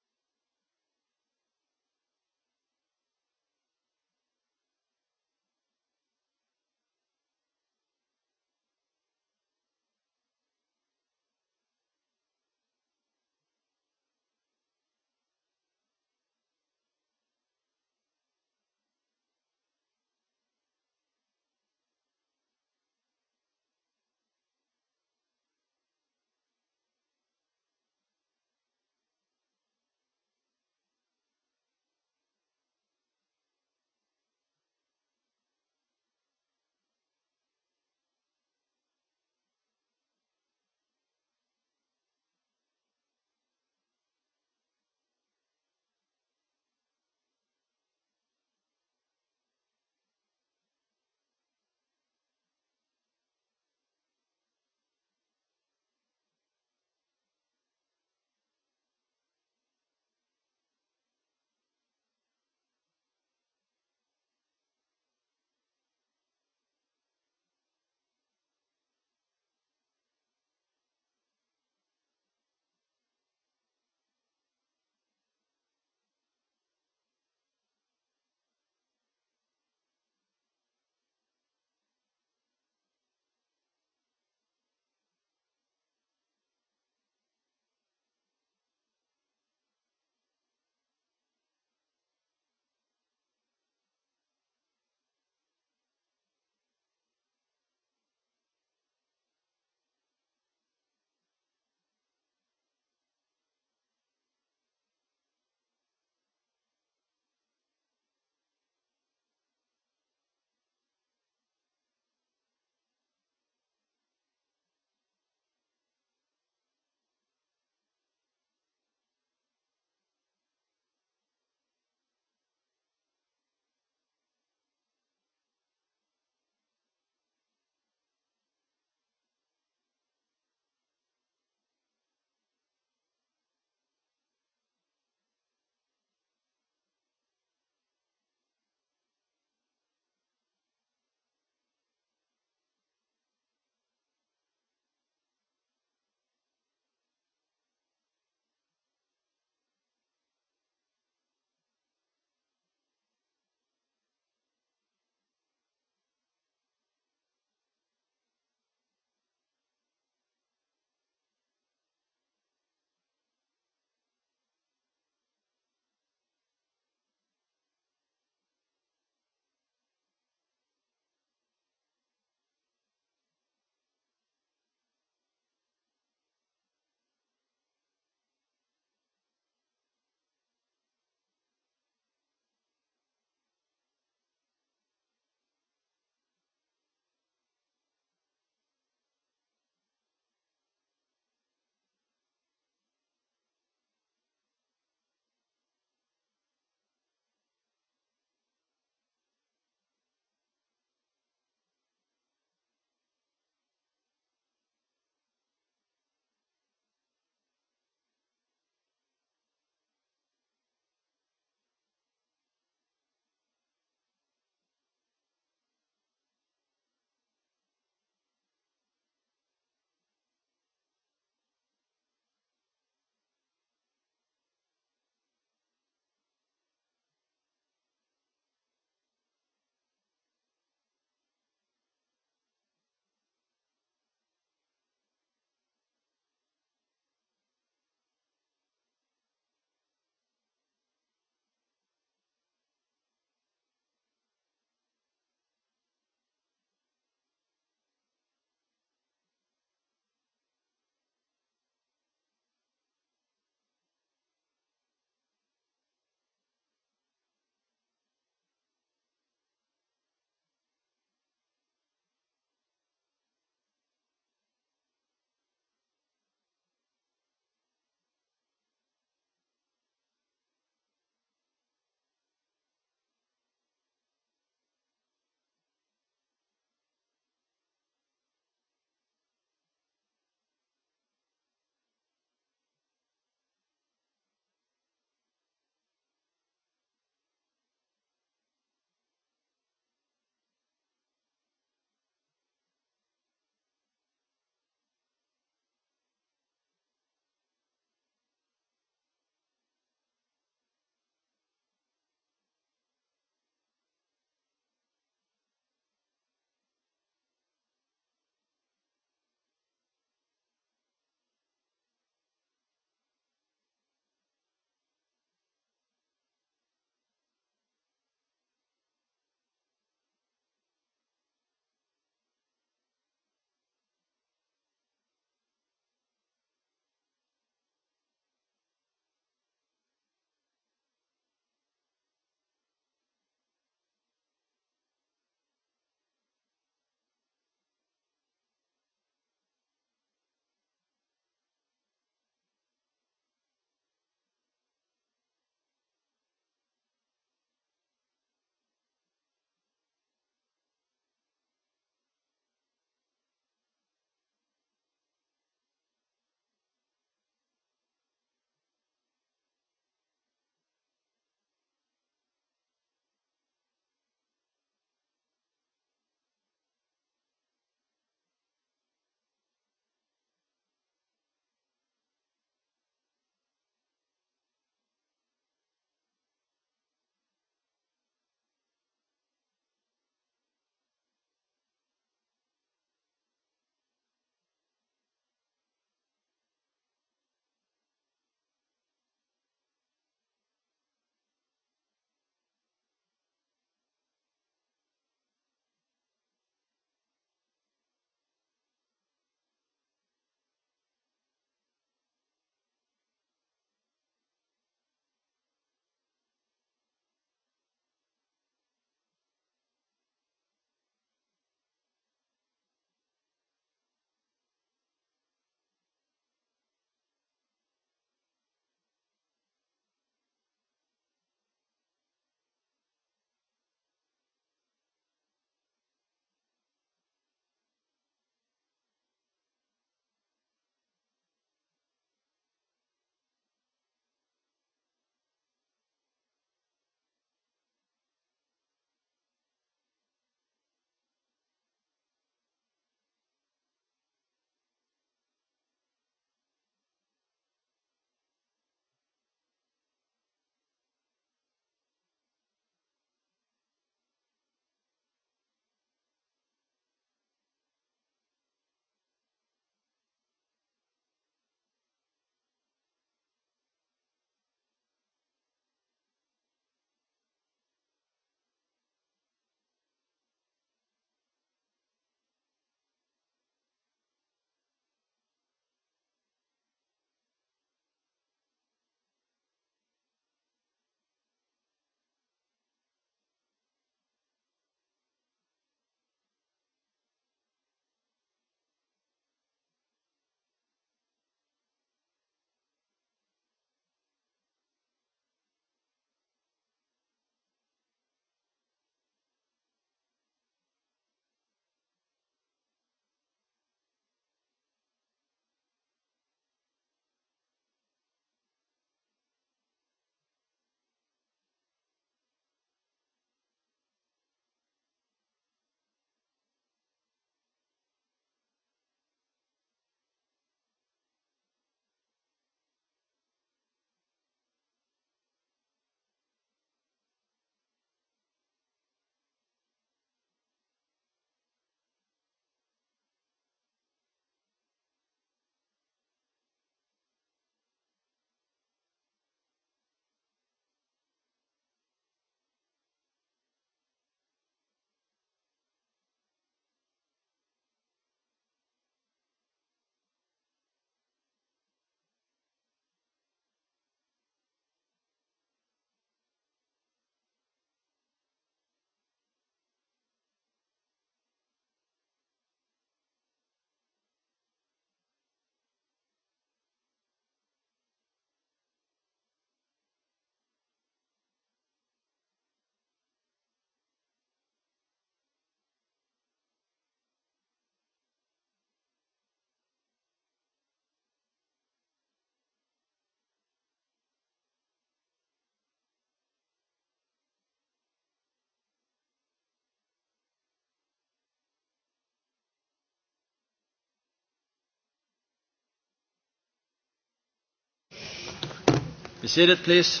D: Be seated, please.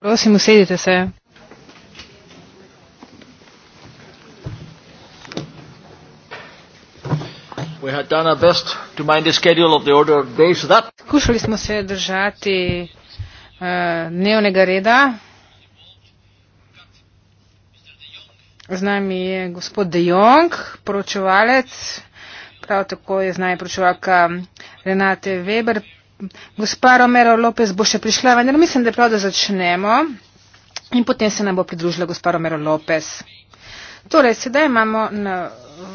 C: Prosim, usedite se.
D: We had done our best to mind the schedule of the order
A: of days so that.
C: Kušali smo se držati eh, dnevnega reda. Z nami je gospod De Jong, poročevalec. Prav tako je z nami pročevalka Renate Weber. Gospa Romero Lopez bo še prišla, vendar mislim, da je prav, da začnemo in potem se nam bo pridružila gospa Romero Lopez. Torej, sedaj imamo na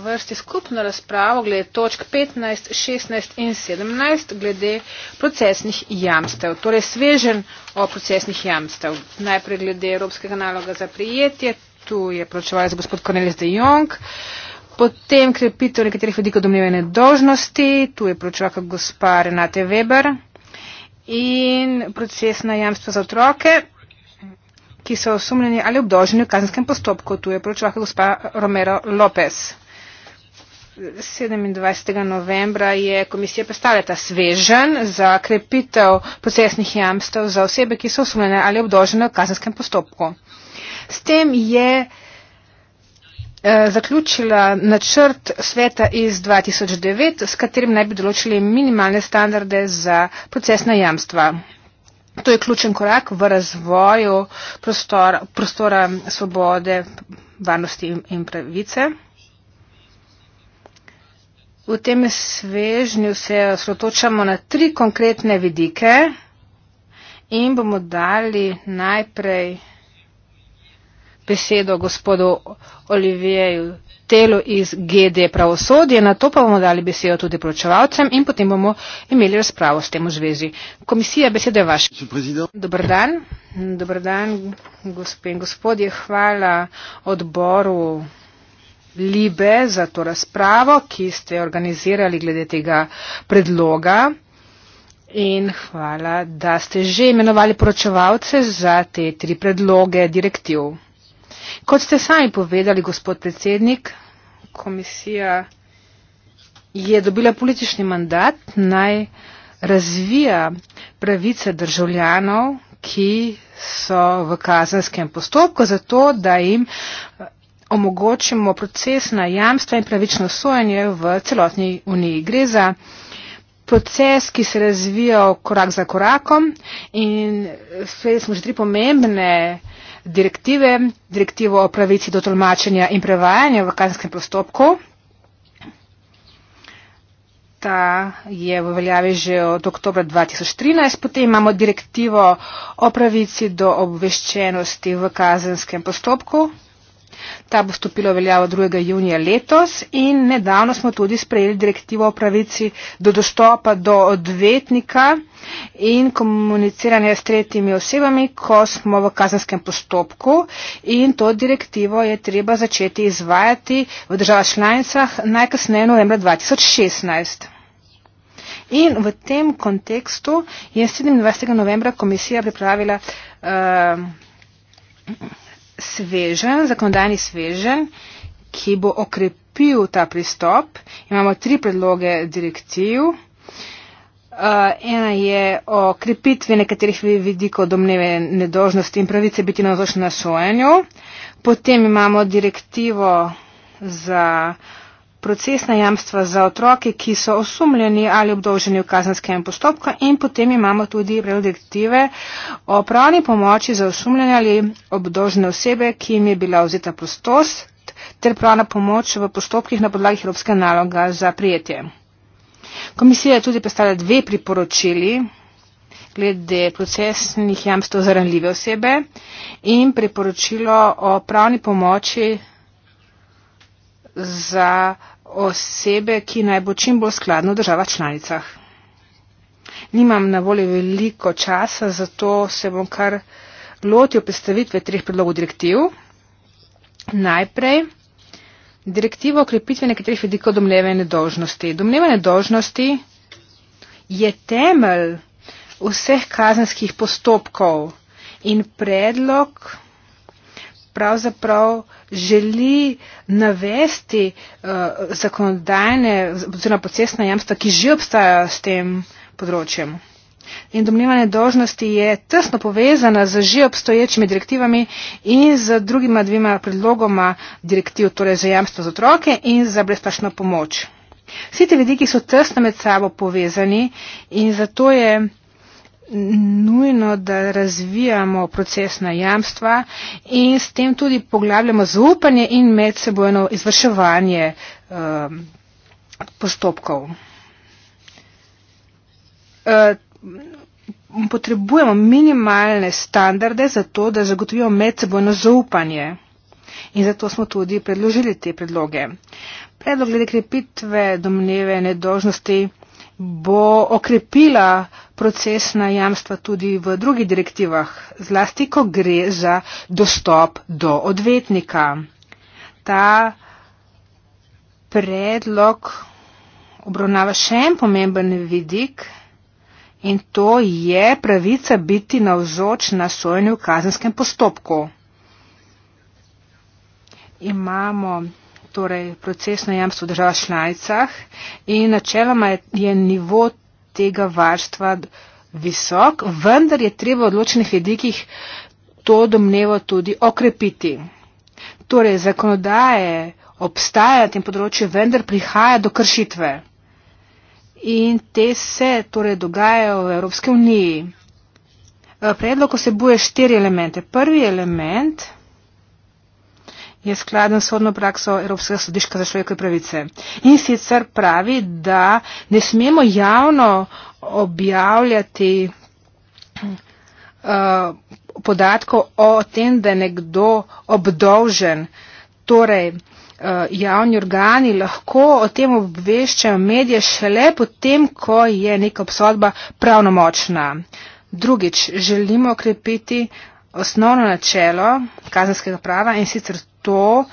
C: vrsti skupno razpravo glede točk 15, 16 in 17 glede procesnih jamstev. Torej, svežen o procesnih jamstev. Najprej glede Evropskega naloga za prijetje, tu je pročevalec gospod Cornelis de Jong. Uh, Potem krepitev torej nekaterih vedikov domnevene dožnosti, tu je pročevaka gospa Renate Weber in procesna jamstva za otroke, ki so osumljeni ali obdoženi v kazenskem postopku, tu je pročevaka gospa Romero Lopez. 27. novembra je komisija predstavila ta svežen za krepitev procesnih jamstv za osebe, ki so osumljene ali obdožene v kazenskem postopku. S tem je Eh, zaključila načrt sveta iz 2009, s katerim naj bi določili minimalne standarde za procesna jamstva. To je ključen korak v razvoju prostora, prostora svobode, varnosti in pravice. V tem svežnju se osredotočamo na tri konkretne vidike in bomo dali najprej besedo gospodu Olivieju Telu iz GD pravosodje, na to pa bomo dali besedo tudi poročevalcem in potem bomo imeli razpravo s tem v zvezi. Komisija, beseda je vaša. Dobr dan. Dobr dan, gospe in gospodje. Hvala odboru Libe za to razpravo, ki ste organizirali glede tega predloga. In hvala, da ste že imenovali poročevalce za te tri predloge direktiv. Kot ste sami povedali, gospod predsednik, komisija je dobila politični mandat naj razvija pravice državljanov, ki so v kazenskem postopku, zato da jim eh, omogočimo procesna jamstva in pravično sojenje v celotni uniji. Gre za proces, ki se razvija korak za korakom in sprejeli smo že tri pomembne uh, direktive, direktivo o pravici do tolmačenja in prevajanja v kazenskem postopku. Ta je v veljavi že od oktobra 2013. Potem imamo direktivo o pravici do obveščenosti v kazenskem postopku. Ta bo stopila veljavo 2. junija letos in nedavno smo tudi sprejeli direktivo o pravici do dostopa do odvetnika in komuniciranja s tretjimi osebami, ko smo v kazenskem postopku in to direktivo je treba začeti izvajati v državah članicah najkasneje novembra 2016. In v tem kontekstu je 27. novembra komisija pripravila. Uh, svežen, zakonodajni svežen, ki bo okrepil ta pristop. Imamo tri predloge direktiv. Uh, ena je o krepitvi nekaterih vidikov domneve nedožnosti in pravice biti na vzočnem sojenju. Potem imamo direktivo za uh, procesna jamstva za otroke, ki so osumljeni ali obdolženi v kazenskem postopku in potem imamo tudi predektive o pravni pomoči za osumljene ali obdolžene osebe, ki jim je bila vzeta prostost ter pravna pomoč v postopkih na podlagi Evropske naloga za prijetje. Komisija je tudi predstavila dve priporočili glede procesnih jamstv za ranljive osebe in priporočilo o pravni pomoči za osebe, ki naj bo čim bolj skladno v država članicah. Nimam na voljo veliko časa, zato se bom kar lotil predstavitve treh predlogov direktiv. Najprej direktivo okrepitve nekaterih vidikov domnevne dolžnosti. Domnevne dolžnosti je temelj vseh kazenskih postopkov in predlog pravzaprav želi navesti uh, zakonodajne oziroma procesna jamstva, ki že obstajajo s tem področjem. In domnevanje dožnosti je tesno povezana z že obstoječimi direktivami in z drugima dvima predlogoma direktiv, torej za jamstvo za otroke in za brezplačno pomoč. Vsi te vidiki so tesno med sabo povezani in zato je nujno, da razvijamo procesna jamstva in s tem tudi poglabljamo zaupanje in medsebojno izvrševanje eh, postopkov. Eh, potrebujemo minimalne standarde za to, da zagotovimo medsebojno zaupanje. In zato smo tudi predložili te predloge. Predlog glede krepitve domneve nedožnosti bo okrepila procesna jamstva tudi v drugih direktivah, zlasti ko gre za dostop do odvetnika. Ta predlog obravnava še en pomemben vidik in to je pravica biti navzoč na sojenju v kazenskem postopku. Imamo torej procesno jamstvo v državah članicah in načeloma je, je nivo tega varstva visok, vendar je treba v odločenih vidikih to domnevo tudi okrepiti. Torej, zakonodaje obstaja na tem področju, vendar prihaja do kršitve. In te se torej dogajajo v Evropske uniji. Eh, predlog osebuje štiri elemente. Prvi element je skladen sodno prakso Evropskega sodiška za človekove pravice. In sicer pravi, da ne smemo javno objavljati uh, podatkov o tem, da je nekdo obdolžen. Torej, eh, javni organi lahko o tem obveščajo medije šele potem, ko je neka obsodba pravnomočna. Drugič, želimo okrepiti osnovno načelo kazenskega prava in sicer to,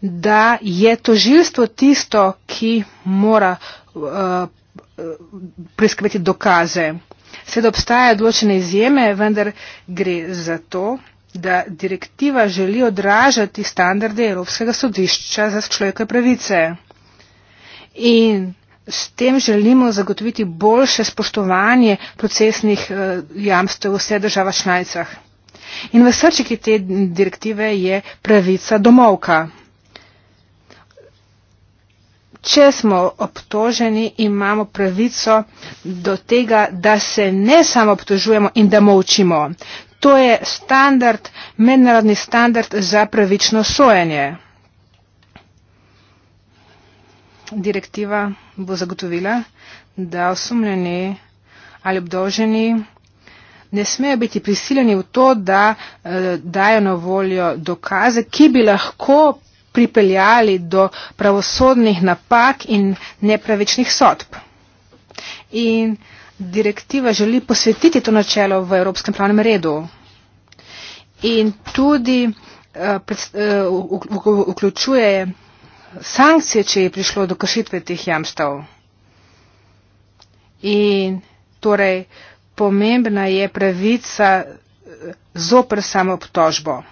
C: da je tožilstvo tisto, ki mora uh, priskrbeti dokaze. Sedaj obstajajo odločene izjeme, vendar gre za to, da direktiva želi odražati standarde Evropskega sodišča za človekove pravice. In s tem želimo zagotoviti boljše spoštovanje procesnih eh, jamstev v vseh državah članicah. In v srčiki te direktive je pravica domovka. Če smo obtoženi, imamo pravico do tega, da se ne samo obtožujemo in da molčimo. To je standard, mednarodni standard za pravično sojenje. Direktiva bo zagotovila, da osumljeni ali obdoženi ne smejo biti prisiljeni v to, da eh, dajo na voljo dokaze, ki bi lahko pripeljali do pravosodnih napak in nepravičnih sodb. In direktiva želi posvetiti to načelo v Evropskem pravnem redu. In tudi eh, eh, vključuje sankcije, če je prišlo do kršitve teh jamstav. In torej pomembna je pravica eh, zopr samoobtožbo.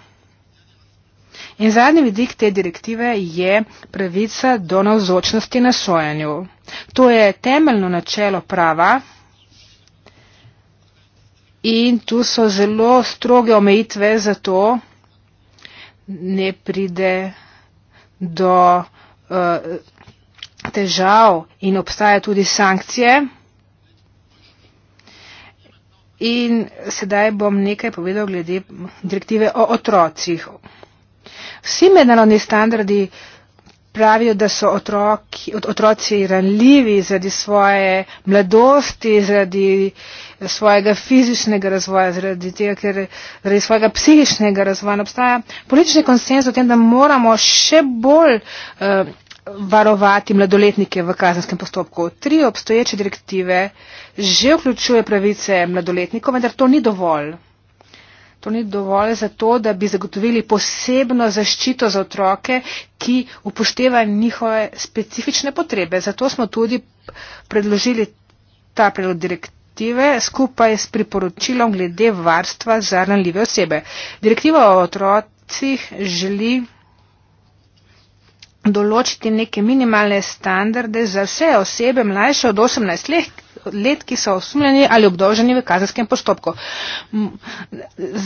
C: In zadnji vidik te direktive je pravica do navzočnosti na sojanju. To je temeljno načelo prava in tu so zelo stroge omejitve za to, ne pride do uh, težav in obstaja tudi sankcije. In sedaj bom nekaj povedal glede direktive o otrocih. Vsi mednarodni standardi pravijo, da so otroki, otroci ranljivi zaradi svoje mladosti, zaradi svojega fizičnega razvoja, zaradi, tega, ker, zaradi svojega psihičnega razvoja. Obstaja politični konsens o tem, da moramo še bolj uh, varovati mladoletnike v kazenskem postopku. Tri obstoječe direktive že vključuje pravice mladoletnikov, vendar to ni dovolj. To ni dovolj za to, da bi zagotovili posebno zaščito za otroke, ki upošteva njihove specifične potrebe. Zato smo tudi predložili ta predlog direktive skupaj s priporočilom glede varstva za ranljive osebe. Direktiva o otrocih želi določiti neke minimalne standarde za vse osebe mlajše od 18 let, let ki so osumljeni ali obdoženi v kazenskem postopku.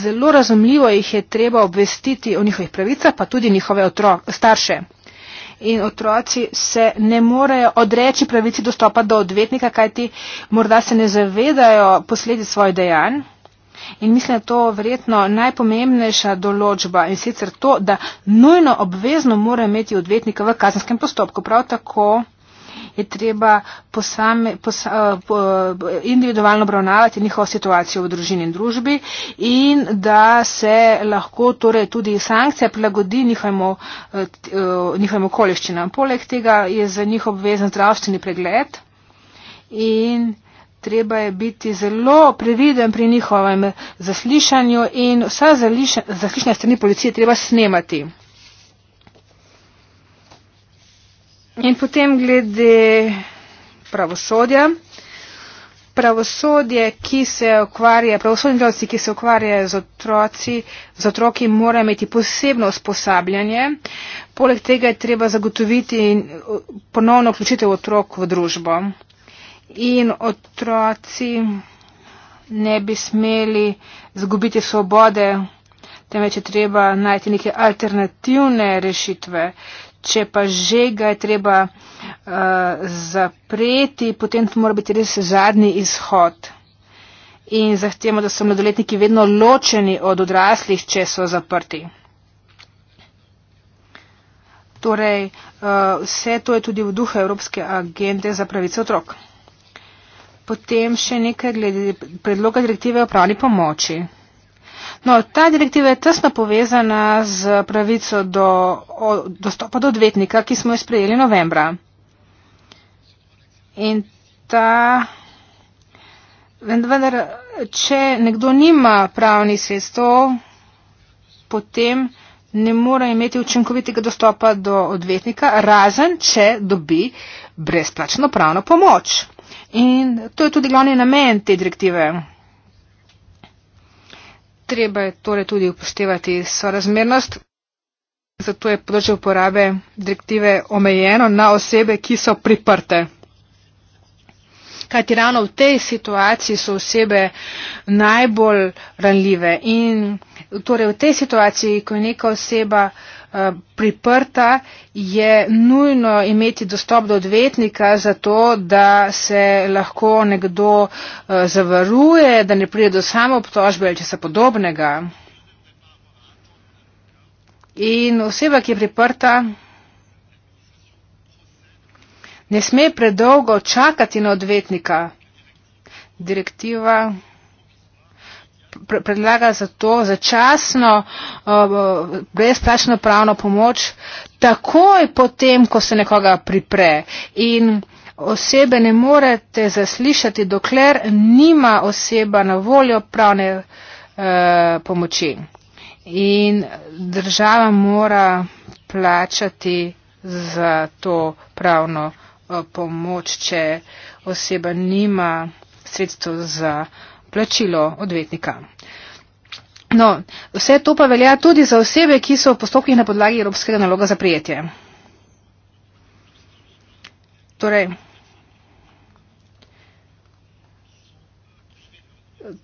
C: Zelo razumljivo jih je treba obvestiti o njihovih pravicah, pa tudi njihove otrok, starše. In otroci se ne morejo odreči pravici dostopa do odvetnika, kajti morda se ne zavedajo posledic svojih dejanj. In mislim, da je to verjetno najpomembnejša določba in sicer to, da nujno obvezno mora imeti odvetnika v kazenskem postopku. Prav tako je treba posame, posa, eh, eh, individualno obravnavati njihovo situacijo v družini in družbi in da se lahko torej, tudi sankcija prilagodi eh, njihovim okoliščinam. Poleg tega je za njih obvezen zdravstveni pregled in treba je biti zelo previden pri njihovem zaslišanju in vsa zaslišanja strani policije treba snemati. In potem glede pravosodja. Pravosodje, ki se ukvarja, pravosodni delavci, ki se ukvarjajo z otroci, z otroki, morajo imeti posebno usposabljanje. Poleg tega je treba zagotoviti eh, ponovno vključitev otrok v družbo in otroci ne bi smeli zgubiti svobode, temveč je treba najti neke alternativne rešitve. Če pa že ga je treba uh, zapreti, potem to mora biti res zadnji izhod. In zahtevamo, da so mladoletniki vedno ločeni od odraslih, če so zaprti. Torej, uh, vse to je tudi v duhu Evropske agende za pravice otrok. Potem še nekaj glede predloga direktive o pravni pomoči. No, ta direktiva je tesno povezana z pravico do o, dostopa do odvetnika, ki smo jo sprejeli novembra. In ta, vendar, če nekdo nima pravnih sredstev, potem ne mora imeti učinkovitega dostopa do odvetnika, razen če dobi brezplačno pravno pomoč. In to je tudi glavni namen te direktive. Treba je torej tudi upoštevati sorazmernost. Zato je področje uporabe direktive omejeno na osebe, ki so priprte. Kajti ravno v tej situaciji so osebe najbolj ranljive. In torej v tej situaciji, ko je neka oseba uh, Eh, priprta, je nujno imeti dostop do odvetnika za to, da se lahko nekdo eh, zavaruje, da ne pride do samoobtožbe ali česa podobnega. In oseba, ki je priprta, ne sme predolgo čakati na odvetnika. Direktiva predlaga za to začasno uh, brezplačno pravno pomoč takoj potem, ko se nekoga pripre. In osebe ne morete zaslišati, dokler nima oseba na voljo pravne uh, pomoči. In država mora plačati za to pravno uh, pomoč, če oseba nima sredstvo za pomoč plačilo odvetnika. No, vse to pa velja tudi za osebe, ki so v postopkih na podlagi evropskega naloga za prijetje. Torej,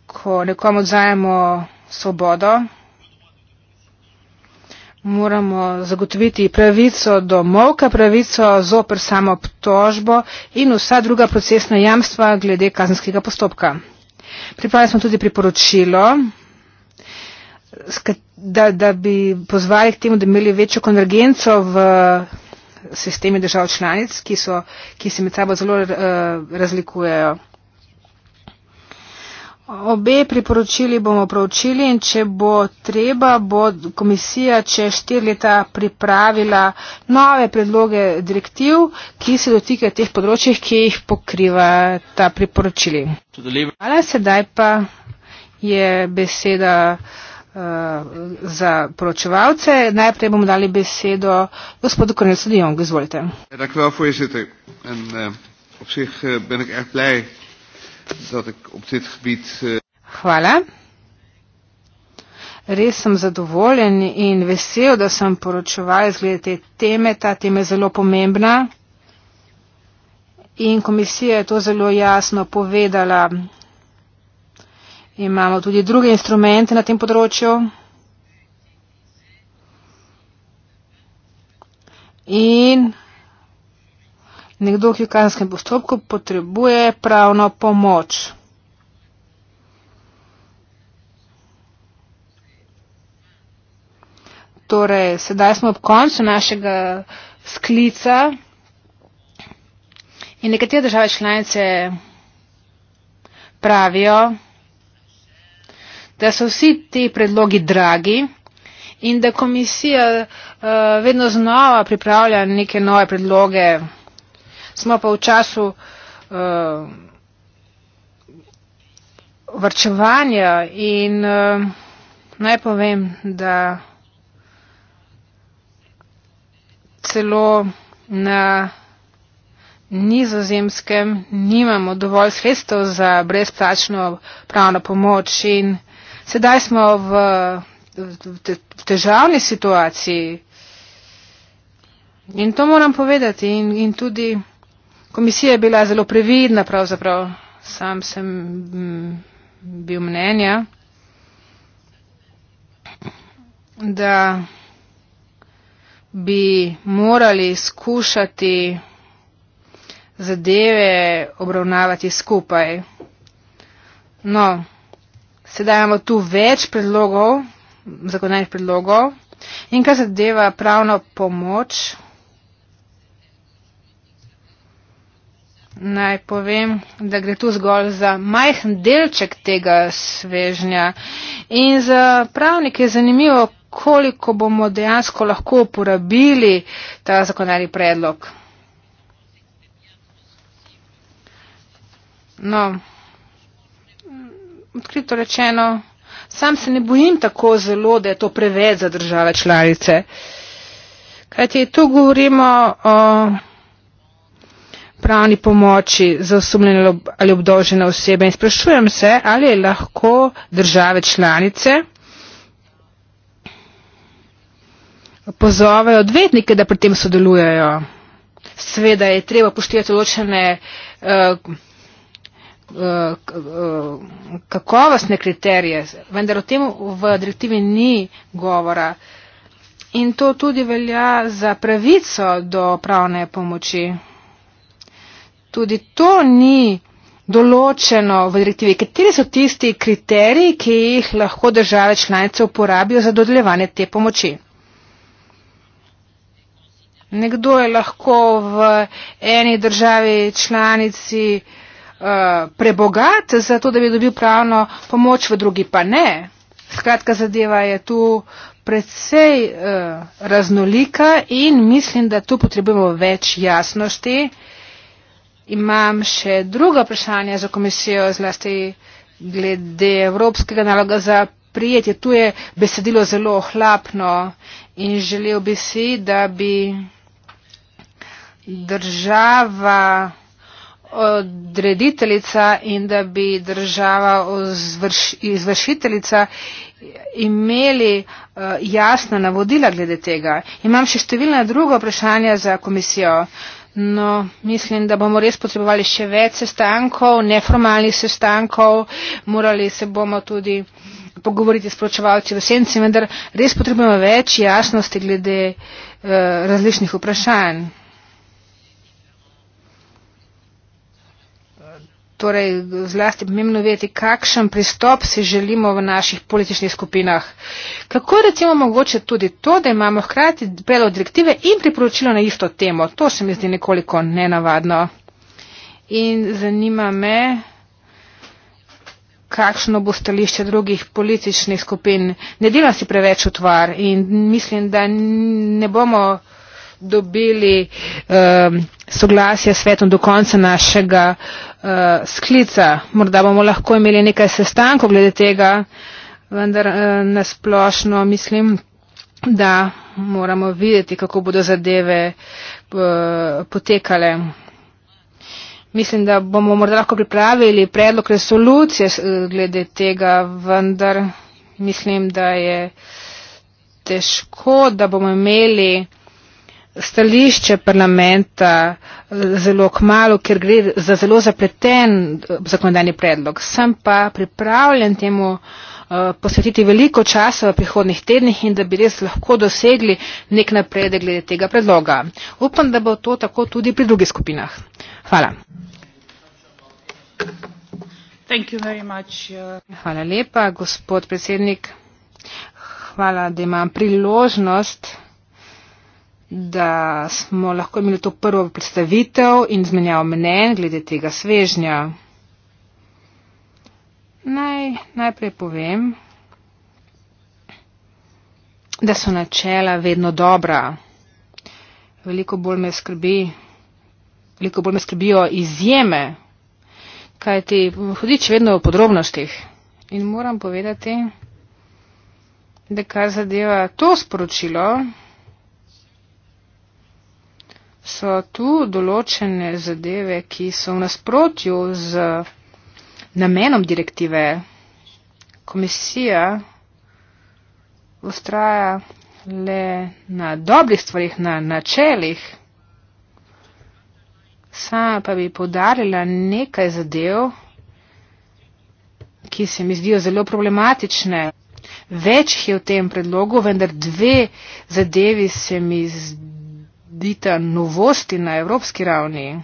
C: ko nekomu odzajemo svobodo, moramo zagotoviti pravico do molka, pravico zoper samo obtožbo in vsa druga procesna jamstva glede kazenskega postopka pripravili smo tudi priporočilo, da, da bi pozvali k temu, da bi imeli večjo konvergenco v sistemi držav članic, ki, so, ki se med sabo zelo uh, razlikujejo. Obe priporočili bomo pravčili in če bo treba, bo komisija čez štiri leta pripravila nove predloge direktiv, ki se dotikajo teh področjih, ki jih pokriva ta priporočili. Hvala, sedaj pa je beseda eh, za poročevalce. Najprej bomo dali besedo gospodu Kornelsu Dijongu. Izvolite. Ja, dakle, voorzitter. En, uh, op zich uh, ben ik erg blij dat ik op dit gebied. Uh... Eh, voilà. Res sem zadovoljen in vesel, da sem poročeval izglede te teme. Ta tema je zelo pomembna in komisija je to zelo jasno povedala. Imamo tudi druge instrumente na tem področju. In nekdo, ki v kazenskem postopku potrebuje pravno pomoč. Torej, sedaj smo ob koncu našega sklica in nekatere države članice pravijo, da so vsi ti predlogi dragi in da komisija uh, vedno znova pripravlja neke nove predloge smo pa v času uh, eh, vrčevanja in uh, naj povem, da celo na nizozemskem nimamo dovolj sredstev za brezplačno pravno pomoč in sedaj smo v, v, te, v težavni situaciji. In to moram povedati in, in tudi komisija je bila zelo previdna pravzaprav sam sem mm, bil mnenja da bi morali skušati zadeve obravnavati skupaj. No, sedaj imamo tu več predlogov, zakonajnih predlogov in kar zadeva pravno pomoč, naj povem, da gre tu zgolj za majhen delček tega svežnja. In za pravnike je zanimivo, koliko bomo dejansko lahko uporabili ta zakonari predlog. No, odkrito rečeno, sam se ne bojim tako zelo, da je to preveč za države članice. Kajti tu govorimo o pravni pomoči za osumljene ali obdožene osebe in sprašujem se, ali je lahko države članice pozovejo odvetnike, da pri tem sodelujejo. Sveda je treba poštivati določene eh, eh, eh, kakovostne kriterije, vendar o tem v direktivi ni govora. In to tudi velja za pravico do pravne pomoči tudi to ni določeno v direktivi. Kateri so tisti kriteriji, ki jih lahko države članice uporabijo za dodeljevanje te pomoči? Nekdo je lahko v eni državi članici uh, prebogat za to, da bi dobil pravno pomoč, v drugi pa ne. Skratka, zadeva je tu predvsej uh, eh, raznolika in mislim, da tu potrebujemo več jasnosti. Uh, imam še druga vprašanja za komisijo, zlasti glede evropskega naloga za prijetje. Tu je besedilo zelo ohlapno in želel bi si, da bi država odrediteljica in da bi država izvrš, izvršiteljica imeli eh, jasna navodila glede tega. Imam še številna druga vprašanja za komisijo. No, mislim, da bomo res potrebovali še več sestankov, neformalnih sestankov, morali se bomo tudi pogovoriti s pročevalci v senci, vendar res potrebujemo več jasnosti glede eh, različnih vprašanj. torej zlasti pomembno vedeti, kakšen pristop si želimo v naših političnih skupinah. Kako je recimo mogoče tudi to, da imamo hkrati predlog direktive in priporočilo na isto temo? To se mi zdi nekoliko nenavadno. In zanima me, kakšno bo stališče drugih političnih skupin. Ne delam si preveč utvar in mislim, da ne bomo dobili um, soglasje s svetom do konca našega uh, sklica. Morda bomo lahko imeli nekaj sestankov glede tega, vendar uh, eh, nasplošno mislim, da moramo videti, kako bodo zadeve uh, potekale. Mislim, da bomo morda lahko pripravili predlog resolucije glede tega, vendar mislim, da je težko, da bomo imeli stališče parlamenta eh, zelo k malu, ker gre za zelo zapleten eh, zakonodajni predlog. Sem pa pripravljen temu eh, posvetiti veliko časa v prihodnih tednih in da bi res lahko dosegli nek napredek glede tega predloga. Upam, da bo to tako tudi pri drugih skupinah. Hvala.
B: Uh,
C: Hvala lepa, gospod predsednik. Hvala, da imam priložnost da smo lahko imeli to prvo predstavitev in zmenjal mnen glede tega svežnja. Naj najprej povem, da so načela vedno dobra. Veliko bolj me skrbi, veliko bolj me skrbijo izjeme, kajti hodič vedno v podrobnostih. In moram povedati, da kar zadeva to sporočilo, so tu določene zadeve, ki so v nasprotju z namenom direktive. Komisija ustraja le na dobrih stvarih, na načelih. Sama pa bi podarila nekaj zadev, ki se mi zdijo zelo problematične. Več jih je v tem predlogu, vendar dve zadevi se mi zdijo vidite novosti na evropski ravni?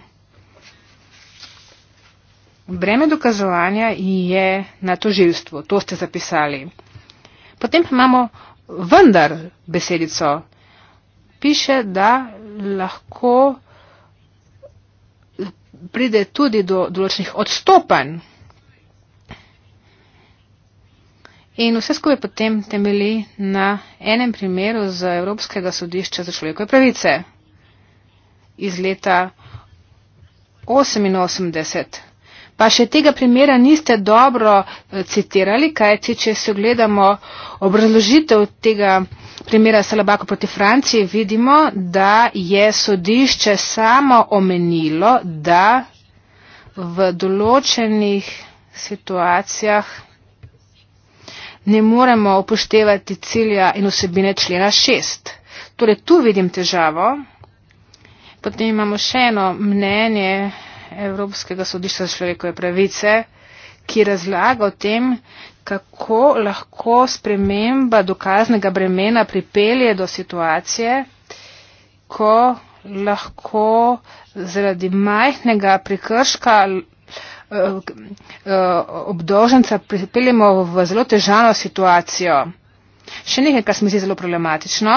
C: Breme dokazovanja je na toživstvu, to ste zapisali. Potem pa imamo vendar besedico. Piše, da lahko pride tudi do določenih odstopanj. In vse skupaj potem temeli na enem primeru z Evropskega sodišča za človekove pravice iz leta 88. Pa še tega primera niste dobro eh, citirali, kajti če se gledamo obrazložitev tega primera Salabako proti Franciji, vidimo, da je sodišče samo omenilo, da v določenih situacijah ne moremo upoštevati cilja in osebine člena 6. Torej, tu vidim težavo. Potem imamo še eno mnenje Evropskega sodišča za človekove pravice, ki razlaga o tem, kako lahko sprememba dokaznega bremena pripelje do situacije, ko lahko zaradi majhnega prikrška eh, eh, obdoženca pripeljemo v zelo težano situacijo. Še nekaj, kar se mi zdi zelo problematično,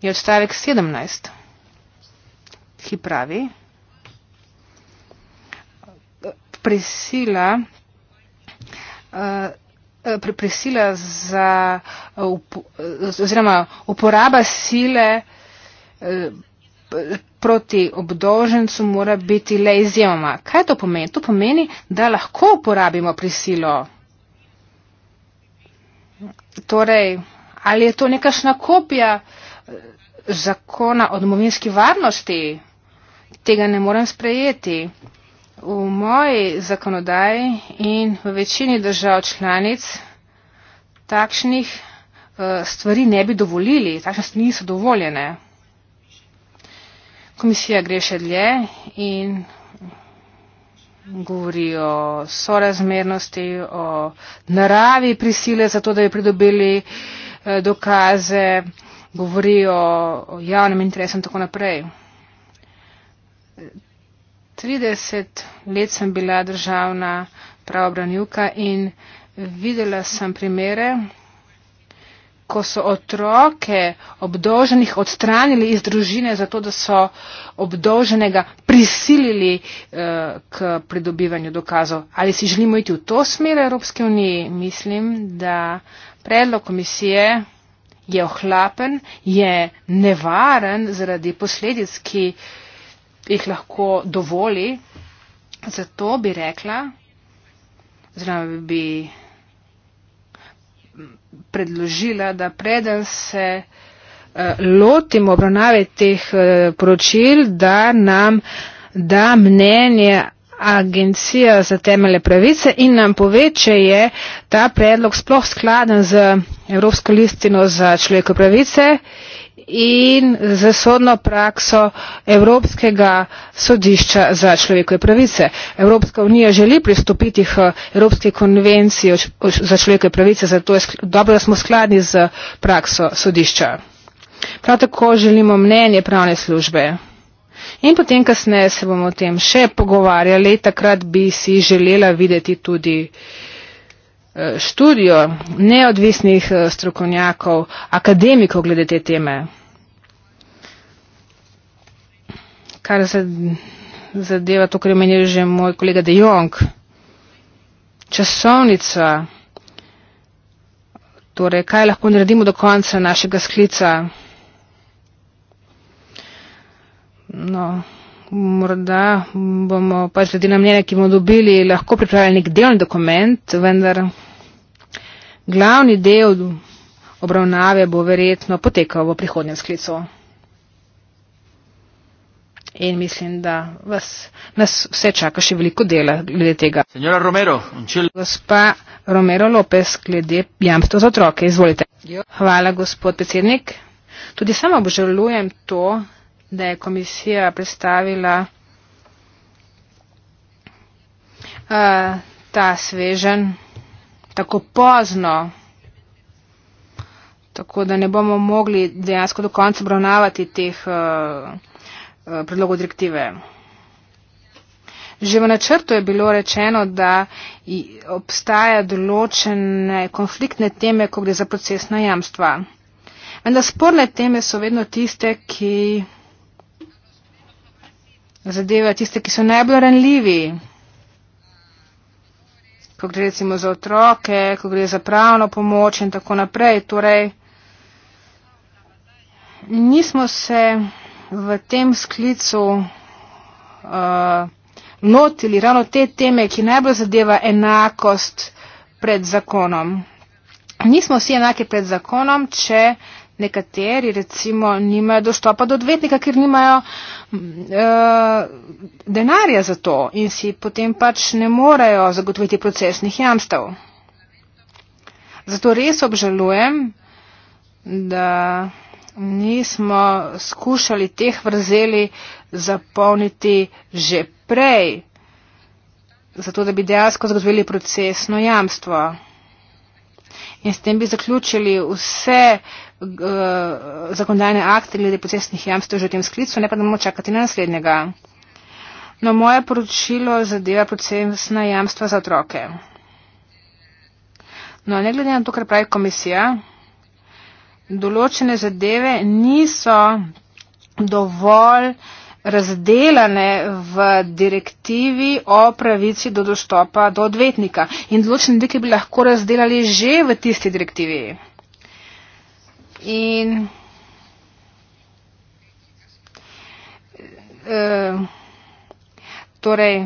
C: je odstavek 17 ki pravi, prisila, eh, eh, prisila za, eh, oziroma uporaba sile proti obdolžencu mora biti le izjemoma. Kaj to pomeni? To pomeni, da lahko uporabimo prisilo. Torej, ali je to nekašna kopija zakona o domovinski varnosti? tega ne morem sprejeti. V moji zakonodaji in v večini držav članic takšnih eh, stvari ne bi dovolili, takšne stvari niso dovoljene. Komisija gre še dlje in govori o sorazmernosti, o naravi prisile za to, da bi pridobili eh, dokaze, govori o javnem interesu in tako naprej. 30 let sem bila državna pravobranjuka in videla sem primere, ko so otroke obdoženih odstranili iz družine zato, da so obdoženega prisilili eh, k pridobivanju dokazov. Ali si želimo iti v to smer Evropske unije? Mislim, da predlog komisije je ohlapen, je nevaren zaradi posledic, ki jih lahko dovoli. Zato bi rekla, oziroma bi predložila, da preden se eh, lotimo obravnave teh eh, poročil, da nam da mnenje Agencija za temele pravice in nam pove, če je ta predlog sploh skladen z Evropsko listino za človekove pravice in z sodno prakso Evropskega sodišča za človekove pravice. Evropska unija želi pristopiti k Evropske konvenciji za človekove pravice, zato je dobro, da smo skladni z prakso sodišča. Prav tako želimo mnenje pravne službe. In potem kasneje se bomo o tem še pogovarjali, takrat bi si želela videti tudi. Uh, študijo neodvisnih eh, strokovnjakov, akademikov glede te teme. Kar se zadeva to, kar je omenil že moj kolega De Jong, časovnica, torej kaj lahko naredimo do konca našega sklica. No, morda bomo pač glede na mnenje, ki bomo dobili, lahko pripravili nek delni dokument, vendar glavni del obravnave bo verjetno potekal v prihodnjem sklicu. In mislim, da vas, nas vse čaka še veliko dela glede tega. Romero, čel... Gospa Romero Lopez, glede jamstva za otroke, izvolite. Jo. Hvala, gospod predsednik. Tudi sama obžalujem to, da je komisija predstavila uh, ta svežen tako pozno, tako da ne bomo mogli dejansko do konca obravnavati teh uh, uh, predlogov direktive. Že v načrtu je bilo rečeno, da obstaja določene konfliktne teme, ko gre za procesna jamstva. Vendar sporne teme so vedno tiste, ki zadevajo tiste, ki so najbolj ranljivi ko gre recimo za otroke, ko gre za pravno pomoč in tako naprej. Torej, nismo se v tem sklicu uh, lotili ravno te teme, ki najbolj zadeva enakost pred zakonom. Nismo vsi enaki pred zakonom, če Nekateri recimo nimajo dostopa do odvetnika, ker nimajo uh, denarja za to in si potem pač ne morejo zagotoviti procesnih jamstev. Zato res obžalujem, da nismo skušali teh vrzeli zapolniti že prej, zato da bi dejansko zagotovili procesno jamstvo. In s tem bi zaključili vse E, zakonodajne akte glede procesnih jamstv že v tem sklicu, ne pa da moramo čakati na naslednjega. No, moje poročilo zadeva procesna jamstva za otroke. No, ne glede na to, kar pravi komisija, določene zadeve niso dovolj razdelane v direktivi o pravici do dostopa do odvetnika. In določene deke bi lahko razdelali že v tisti direktivi in eh, torej,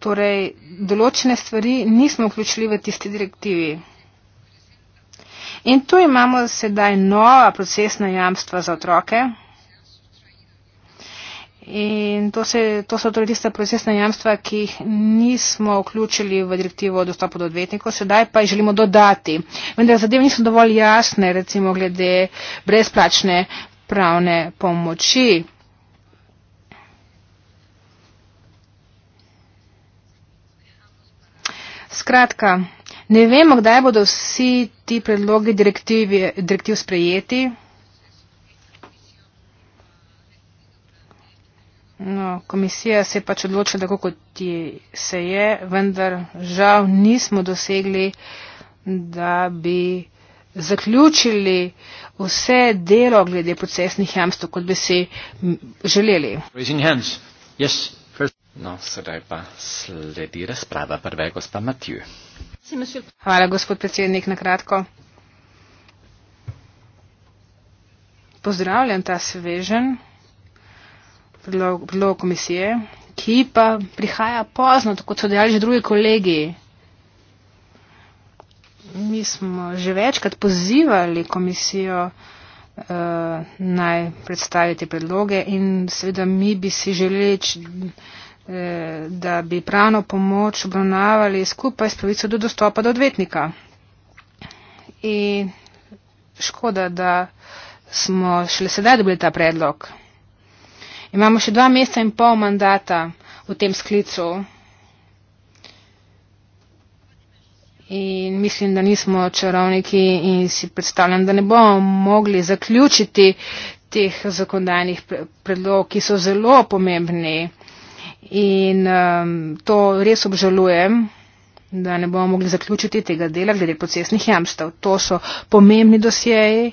C: torej določene stvari nismo vključili v tisti direktivi. In tu imamo sedaj nova procesna jamstva za otroke. In to, se, to so torej tiste procesne jamstva, ki jih nismo vključili v direktivo o dostopu do odvetnikov, sedaj pa jih želimo dodati. Vendar zadeve niso dovolj jasne, recimo glede brezplačne pravne pomoči. Skratka, ne vemo, kdaj bodo vsi ti predlogi direktiv sprejeti. No, komisija se je pač odločila tako, kot je, se je, vendar žal nismo dosegli, da bi zaključili vse delo glede procesnih jamstv, kot bi si želeli.
A: Yes, no, sedaj pa sledi razprava prve gospa Matiju.
C: Hvala, gospod predsednik, na kratko. Pozdravljam ta svežen predlogu, predlogu komisije, ki pa prihaja pozno, tako so dejali že drugi kolegi. Mi smo že večkrat pozivali komisijo eh, naj predstaviti predloge in seveda mi bi si želeli, eh, da bi pravno pomoč obravnavali skupaj s pravico do dostopa do odvetnika. In škoda, da smo šele sedaj dobili ta predlog. Imamo še dva meseca in pol mandata v tem sklicu. In mislim, da nismo čarovniki in si predstavljam, da ne bomo mogli zaključiti teh zakonodajnih predlog, ki so zelo pomembni. In um, to res obžalujem, da ne bomo mogli zaključiti tega dela glede procesnih jamstev. To so pomembni dosjeji.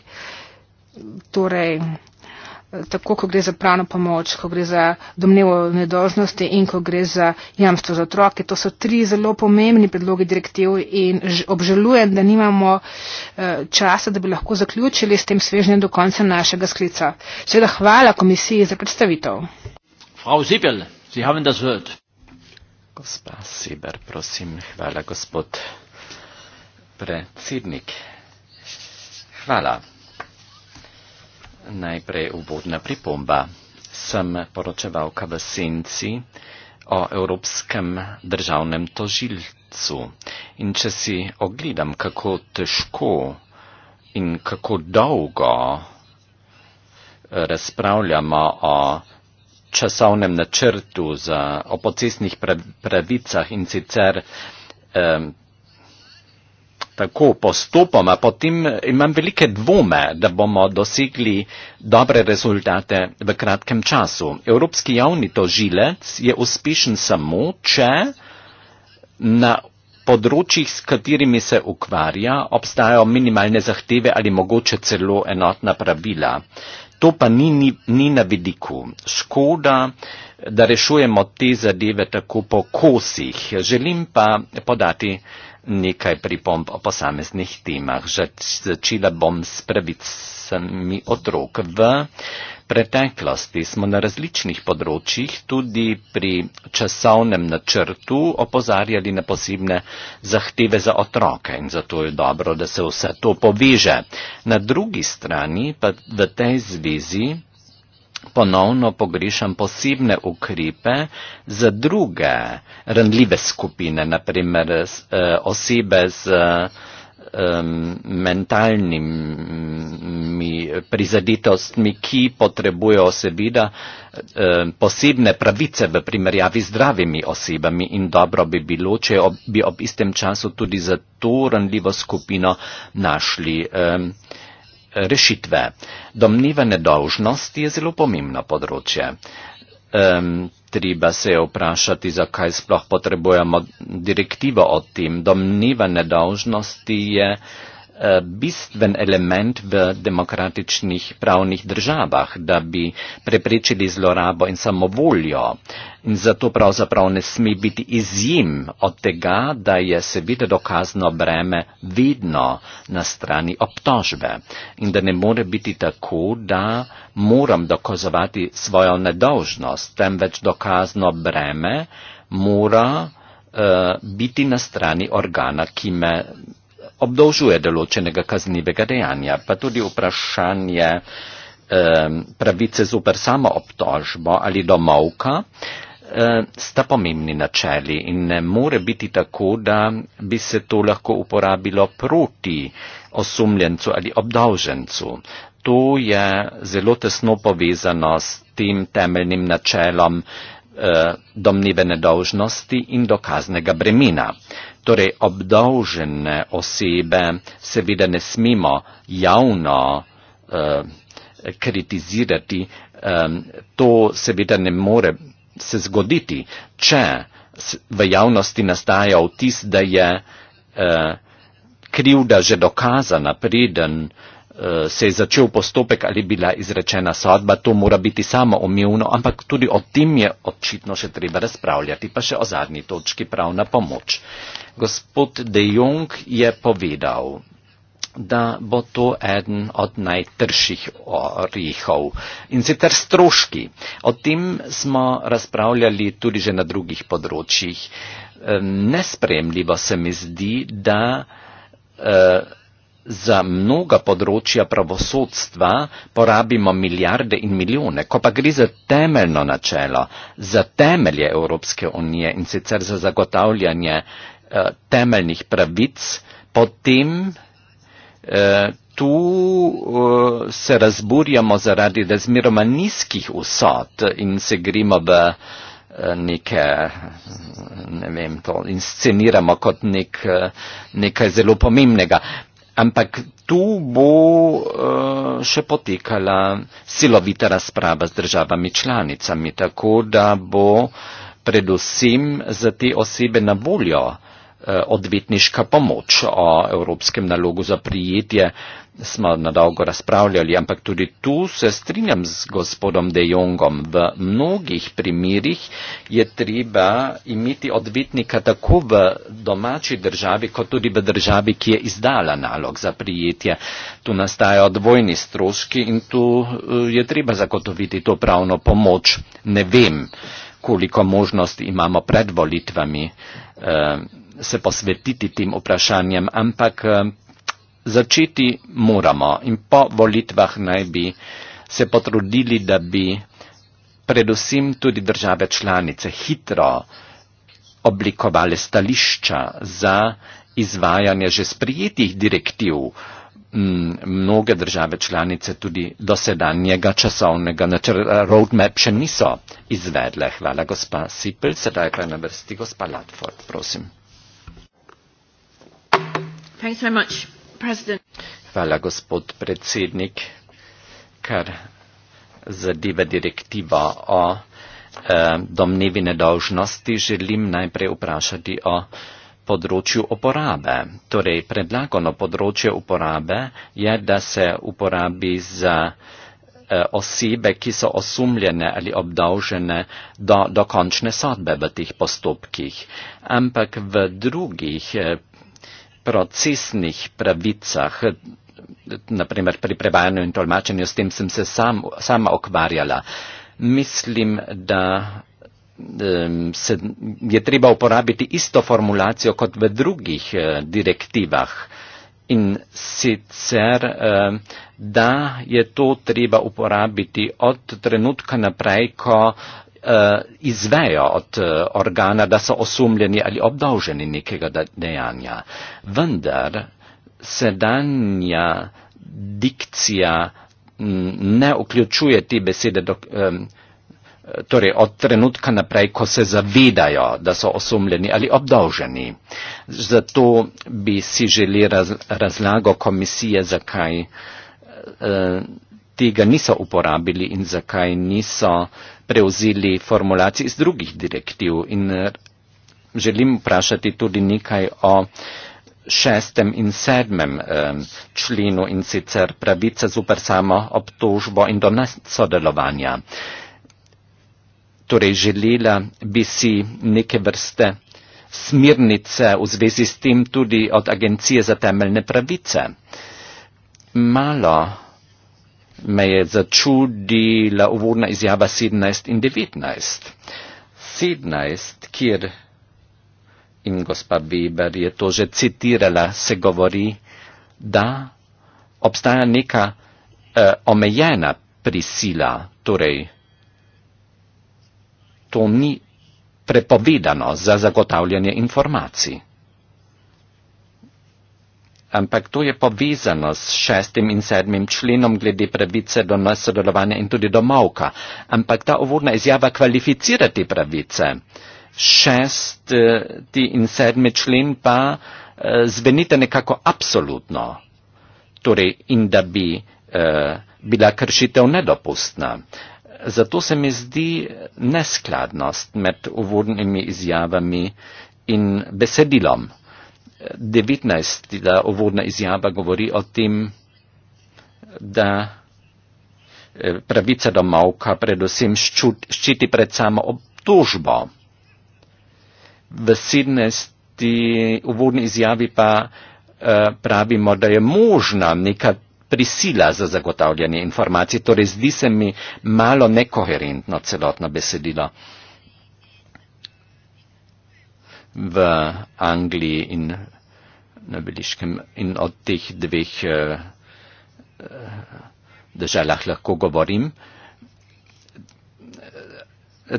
C: Torej, tako ko gre za pravno pomoč, ko gre za domnevo nedožnosti in ko gre za jamstvo za otroke. To so tri zelo pomembni predlogi direktiv in obžalujem, da nimamo eh, časa, da bi lahko zaključili s tem svežnjem do konca našega sklica. Seveda hvala komisiji za predstavitev.
A: Frau Sibel, Sie haben das Wort. Gospa Sibel, prosim, hvala gospod predsednik. Hvala najprej uvodna pripomba. Sem poročevalka v Senci o Evropskem državnem tožilcu. In če si ogledam, kako težko in kako dolgo eh, razpravljamo o časovnem načrtu za opocestnih pravicah in sicer eh, tako postopoma, potem imam velike dvome, da bomo dosegli dobre rezultate v kratkem času. Evropski javni tožilec je uspešen samo, če na področjih, s katerimi se ukvarja, obstajajo minimalne zahteve ali mogoče celo enotna pravila. To pa ni, ni, ni na vidiku. Škoda, da rešujemo te zadeve tako po kosih. Želim pa podati nekaj pripomb o posameznih temah. Začela bom s pravicami otrok. V preteklosti smo na različnih področjih, tudi pri časovnem načrtu, opozarjali na posebne zahteve za otroke in zato je dobro, da se vse to poveže. Na drugi strani pa v tej zvezi ponovno pogrišam posebne ukrepe za druge randljive skupine, naprimer e, osebe z e, mentalnimi prizaditostmi, ki potrebujo osebida e, posebne pravice v primerjavi z zdravimi osebami in dobro bi bilo, če bi ob istem času tudi za to randljivo skupino našli pravice rešitve. Domniva nedolžnost je zelo pomembno področje. Um, treba se je vprašati, zakaj sploh potrebujemo direktivo o tem. Domniva nedolžnosti je bistven element v demokratičnih pravnih državah, da bi preprečili zlorabo in samovoljo. In zato pravzaprav ne sme biti izjim od tega, da je seveda dokazno breme vedno na strani obtožbe in da ne more biti tako, da moram dokazovati svojo nedolžnost, temveč dokazno breme mora uh, biti na strani organa, ki me obdolžuje določenega kaznivega dejanja, pa tudi vprašanje eh, pravice zoper samo obtožbo ali domovka, eh, sta pomembni načeli in ne more biti tako, da bi se to lahko uporabilo proti osumljencu ali obdolžencu. To je zelo tesno povezano s tem temeljnim načelom eh, Eh, domnevene dolžnosti in dokaznega bremena. Torej, obdolžene osebe seveda ne smemo javno eh, kritizirati, eh, to seveda ne more se zgoditi, če v javnosti nastaja vtis, da je krivda že dokazana, preden Eh, se je začel postopek ali bila izrečena sodba, to mora biti samo omilno, ampak tudi o tem je očitno še treba razpravljati, pa še o zadnji točki pravna pomoč. Gospod De Jong je povedal, da bo to eden od najtržjih orihov in sicer stroški. O tem smo razpravljali tudi že na drugih področjih. Nespremljivo se mi zdi, da eh, Za mnoga področja pravosodstva porabimo milijarde in milijone, ko pa gre za temeljno načelo, za temelje Evropske unije in sicer za zagotavljanje eh, temeljnih pravic, potem eh, tu eh, se razburjamo zaradi razmeroma nizkih usod in se gremo v eh, neke, ne vem, to insceniramo kot nek, eh, nekaj zelo pomembnega ampak tu bo uh, še potekala silovita razprava z državami članicami, tako da bo predvsem za te osebe na voljo uh, Eh, odvetniška pomoč o evropskem nalogu za prijetje, smo nadalgo razpravljali, ampak tudi tu se strinjam z gospodom De Jongom. V mnogih primerjih je treba imeti odvetnika tako v domači državi, kot tudi v državi, ki je izdala nalog za prijetje. Tu nastajajo dvojni stroški in tu eh, je treba zagotoviti to pravno pomoč. Ne vem, koliko možnosti imamo pred volitvami. Uh, se posvetiti tem vprašanjem, ampak eh, začeti moramo in po volitvah naj bi se potrudili, da bi predvsem tudi države članice hitro oblikovali stališča za izvajanje že sprijetih direktiv. Mnoge države članice tudi dosedanjega časovnega roadmap še niso izvedle. Hvala gospa Sipel, sedaj pa je na vrsti gospa Latford, prosim. Hvala, gospod predsednik. Kar zadeva direktivo o eh, domnevi nedolžnosti, želim najprej vprašati o področju uporabe. Torej, predlagano področje uporabe je, da se uporabi za eh, osebe, ki so osumljene ali obdolžene do, do končne sodbe v teh postopkih. Ampak v drugih eh, procesnih pravicah, naprimer pri prevajanju in tolmačenju, s tem sem se sam, sama okvarjala. Mislim, da se, je treba uporabiti isto formulacijo kot v drugih eh, direktivah. In sicer, da je to treba uporabiti od trenutka naprej, ko Eh, izvejo od eh, organa, da so osumljeni ali obdolženi nekega dejanja. Vendar sedanja dikcija mm, ne vključuje te besede, dok, torej od trenutka naprej, ko se zavedajo, da so osumljeni ali obdolženi. Zato bi si želi razlago komisije, zakaj eh, tega niso uporabili in zakaj niso prevzeli formulacij iz drugih direktiv in eh, želim vprašati tudi nekaj o šestem in sedmem eh, členu in sicer pravica zupr samo obtožbo in do sodelovanja. Torej želela bi si neke vrste smirnice v zvezi s tem tudi od Agencije za temeljne pravice. Malo me je začudila uvodna izjava 17 in 19. 17, kjer in gospa Weber je to že citirala, se govori, da obstaja neka eh, omejena prisila, torej to ni prepovedano za zagotavljanje informacij ampak to je povezano s šestim in sedmim členom glede pravice do nasodelovanja in tudi do mavka. Ampak ta uvodna izjava kvalificira te pravice. Šesti eh, in sedmi člen pa eh, zvenite nekako absolutno. Torej, in da bi eh, bila kršitev nedopustna. Zato se mi zdi neskladnost med uvodnimi izjavami in besedilom. 19, teda uvodna izjava govori o tem, da eh, pravica do mavka predvsem ščiti pred samo obtožbo. V 17. uvodni izjavi pa eh, pravimo, da je možna neka prisila za zagotavljanje informacij, torej zdi se mi malo nekoherentno celotno besedilo v Angliji in na Beliškem in o teh dveh eh, eh, državah lahko govorim.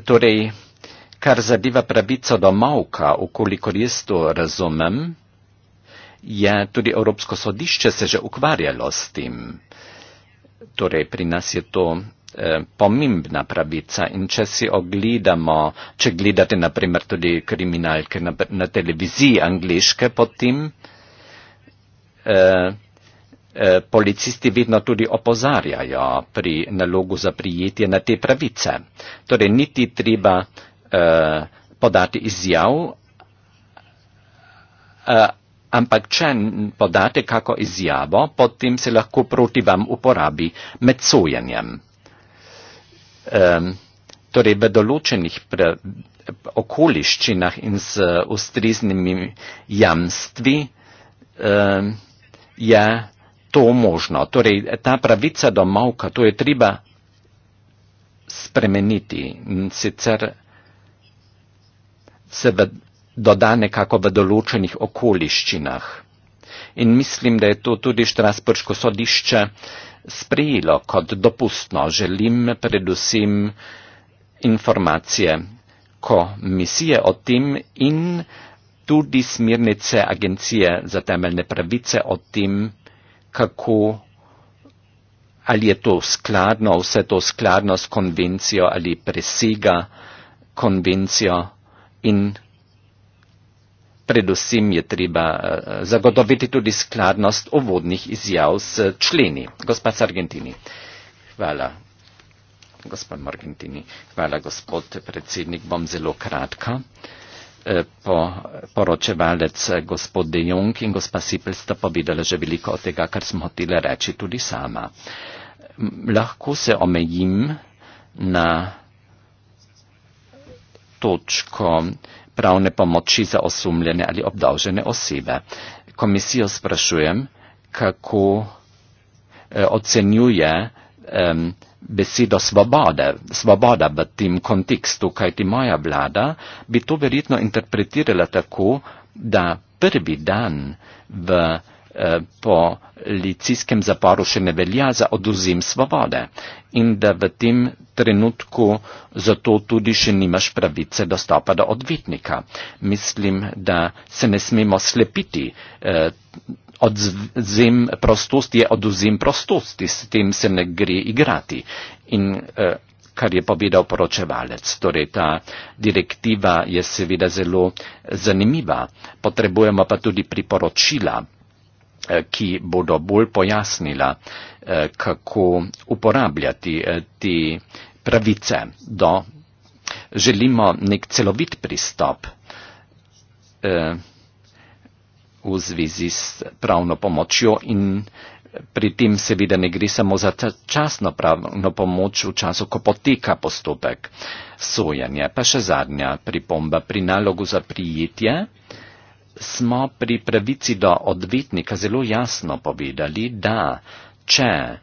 A: Torej, kar zadeva pravico do mavka, okolikor jaz to razumem, je tudi Evropsko sodišče se že ukvarjalo s tem. Torej, pri nas je to Eh, pomembna pravica in če si ogledamo, če gledate naprimer tudi kriminalke na, na televiziji angliške, potem eh, eh, policisti vedno tudi opozarjajo pri nalogu za prijetje na te pravice. Torej, niti treba eh, podati izjav, eh, ampak če podate kako izjavo, potem se lahko proti vam uporabi med sojenjem torej v določenih okoliščinah in z eh, ustreznimi jamstvi je to možno. Torej, ta pravica do mavka, to je treba spremeniti in sicer se v, doda nekako v določenih okoliščinah. In mislim, da je to tudi Štrasporško sodišče eh, sprejelo kot dopustno. Želim predvsem informacije komisije o tem in tudi smernice Agencije za temeljne pravice o tem, kako ali je to skladno, vse to skladno s konvencijo ali presega konvencijo in Predvsem je treba eh, zagotoviti tudi skladnost uvodnih izjav s členi. Gospod Sargentini. Hvala. Gospod Morgentini. Hvala, gospod predsednik. Bom zelo kratka. Eh, po poročevalec eh, gospod De Jong in gospa Sipel sta povedala že veliko od tega, kar smo hoteli reči tudi sama. Lahko se omejim na točko pravne pomoči za osumljene ali obdolžene osebe. Komisijo sprašujem, kako eh, ocenjuje um, besedo svobode, svoboda v tem kontekstu, kajti moja vlada bi to verjetno interpretirala tako, da prvi dan v Eh, po policijskem zaporu še ne velja za oduzim svobode in da v tem trenutku zato tudi še nimaš pravice dostopa do odvetnika. Mislim, da se ne smemo slepiti. Eh, Odzem prostosti je oduzem prostosti, s tem se ne gre igrati. In eh, kar je povedal poročevalec, torej ta direktiva je seveda zelo zanimiva, potrebujemo pa tudi priporočila, Eh, ki bodo bolj pojasnila, eh, kako uporabljati eh, te pravice do. Želimo nek celovit pristop v zvezi s pravno pomočjo in pri tem seveda ne gre samo za časno pravno pomoč v času, ko poteka postopek sojanja. Pa še zadnja pripomba pri nalogu za prijetje smo pri pravici do odvetnika zelo jasno povedali, da če eh,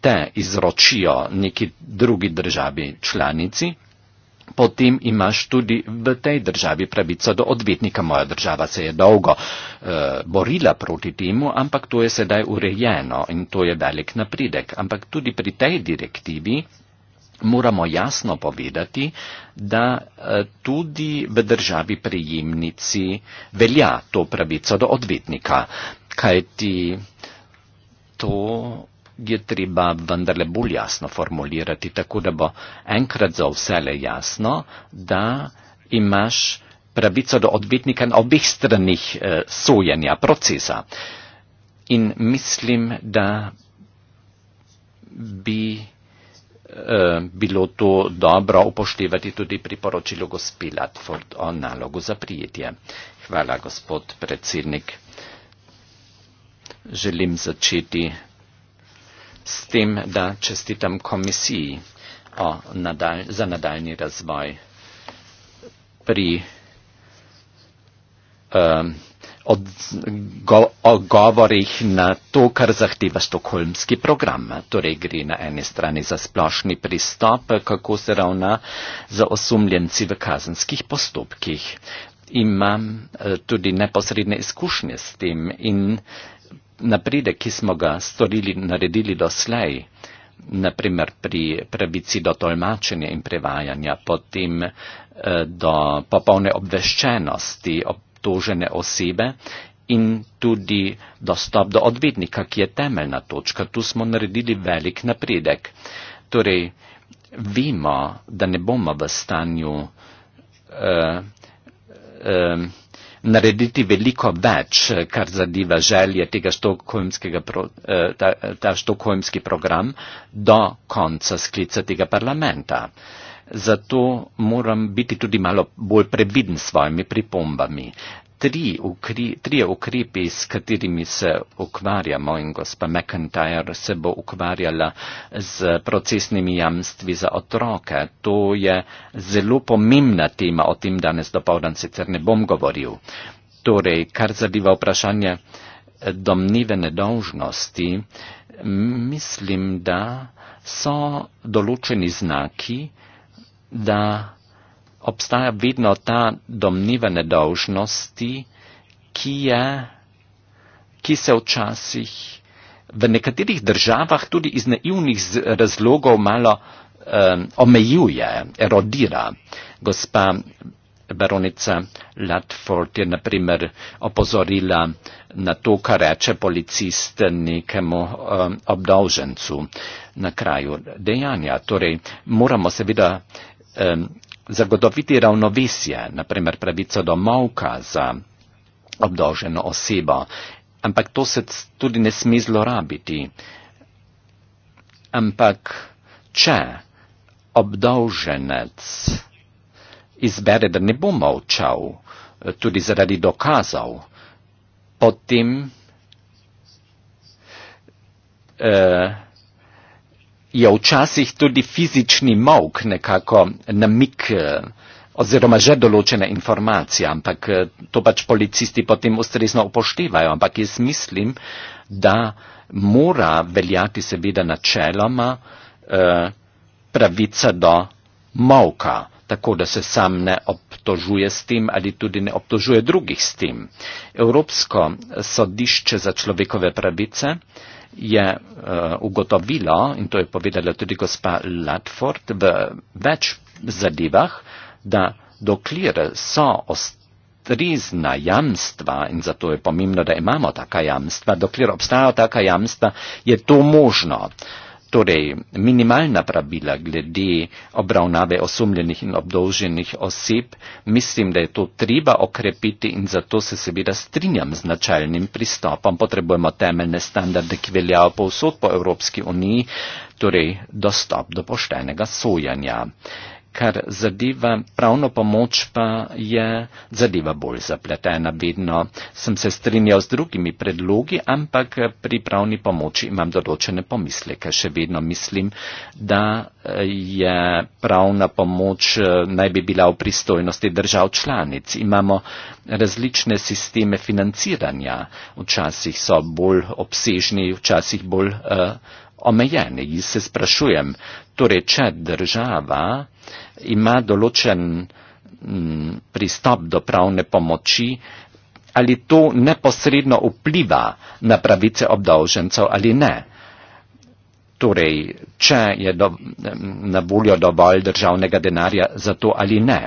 A: te izročijo neki drugi državi članici, potem imaš tudi v tej državi pravico do odvetnika. Moja država se je dolgo eh, borila proti temu, ampak to je sedaj urejeno in to je velik napredek. Ampak tudi pri tej direktivi moramo jasno povedati, da eh, tudi v državi prejemnici velja to pravico do odvetnika, kajti to je treba vendarle bolj jasno formulirati, tako da bo enkrat za vsele jasno, da imaš pravico do odvetnika na obeh stranih eh, sojenja procesa. In mislim, da bi Eh, bilo to dobro upoštevati tudi priporočilo gospe Latford o nalogu za prijetje. Hvala, gospod predsednik. Želim začeti s tem, da čestitam komisiji nadal, za nadaljni razvoj pri um, odgovorih na to, kar zahteva stokholmski program. Torej gre na eni strani za splošni pristop, kako se ravna za osumljenci v kazenskih postopkih. Imam eh, tudi neposredne izkušnje s tem in napredek, ki smo ga storili, naredili doslej, naprimer pri pravici do tolmačenja in prevajanja, potem eh, do popolne obveščenosti, obtožene osebe in tudi dostop do odvetnika, ki je temeljna točka. Tu smo naredili velik napredek. Torej, vemo, da ne bomo v stanju uh, uh, narediti veliko več, kar zadeva želje tega štokholmskega, eh, ta, ta štokholmski program do konca sklica tega parlamenta. Uh, zato moram biti tudi malo bolj previden s svojimi pripombami. Tri ukri, trije ukrepi, s katerimi se ukvarjamo in gospa McIntyre se bo ukvarjala z procesnimi jamstvi za otroke, to je zelo pomembna tema, o tem danes dopovdan sicer ne bom govoril. Torej, kar zadeva vprašanje eh, domnive nedolžnosti, mislim, da so določeni znaki, da obstaja vedno ta domniva nedolžnosti, ki, je, ki se včasih v nekaterih državah tudi iz naivnih razlogov malo um, omejuje, erodira. Gospa baronica Latford je naprimer opozorila na to, kar reče policist nekemu um, obdolžencu na kraju dejanja. Torej, moramo seveda uh, zagotoviti ravnovesje, naprimer pravico do molka za obdoženo osebo, ampak to se tudi ne sme zlorabiti. Ampak če obdolženec izbere, da ne bo molčal eh, tudi zaradi dokazov, potem eh, je včasih tudi fizični mok nekako namik eh, oziroma že določena informacija, ampak eh, to pač policisti potem ustrezno upoštevajo. Ampak jaz mislim, da mora veljati seveda načeloma eh, pravica do moka, tako da se sam ne obtožuje s tem ali tudi ne obtožuje drugih s tem. Evropsko sodišče za človekove pravice je eh, ugotovila, in to je povedala tudi gospa Latford, v več zadevah, da dokler so ostrizna jamstva, in zato je pomembno, da imamo taka jamstva, dokler obstajajo taka jamstva, je to možno. Uh, Torej, minimalna pravila glede obravnave osumljenih in obdolženih oseb, mislim, da je to treba okrepiti in zato se seveda strinjam z načelnim pristopom. Potrebujemo temeljne standarde, ki veljajo povsod po Evropski uniji, torej dostop do poštenega sojanja kar zadeva pravno pomoč, pa je zadeva bolj zapletena. Vedno sem se strinjal z drugimi predlogi, ampak pri pravni pomoči imam določene pomisleke. Še vedno mislim, da eh, je pravna pomoč eh, naj bi bila v pristojnosti držav članic. Imamo različne sisteme financiranja, včasih so bolj obsežni, včasih bolj uh, omejeni. In se sprašujem, torej, če država ima določen m, mm, pristop do pravne pomoči, ali to neposredno vpliva na pravice obdolžencev ali ne. Torej, če je do, mm, na voljo dovolj državnega denarja za to ali ne.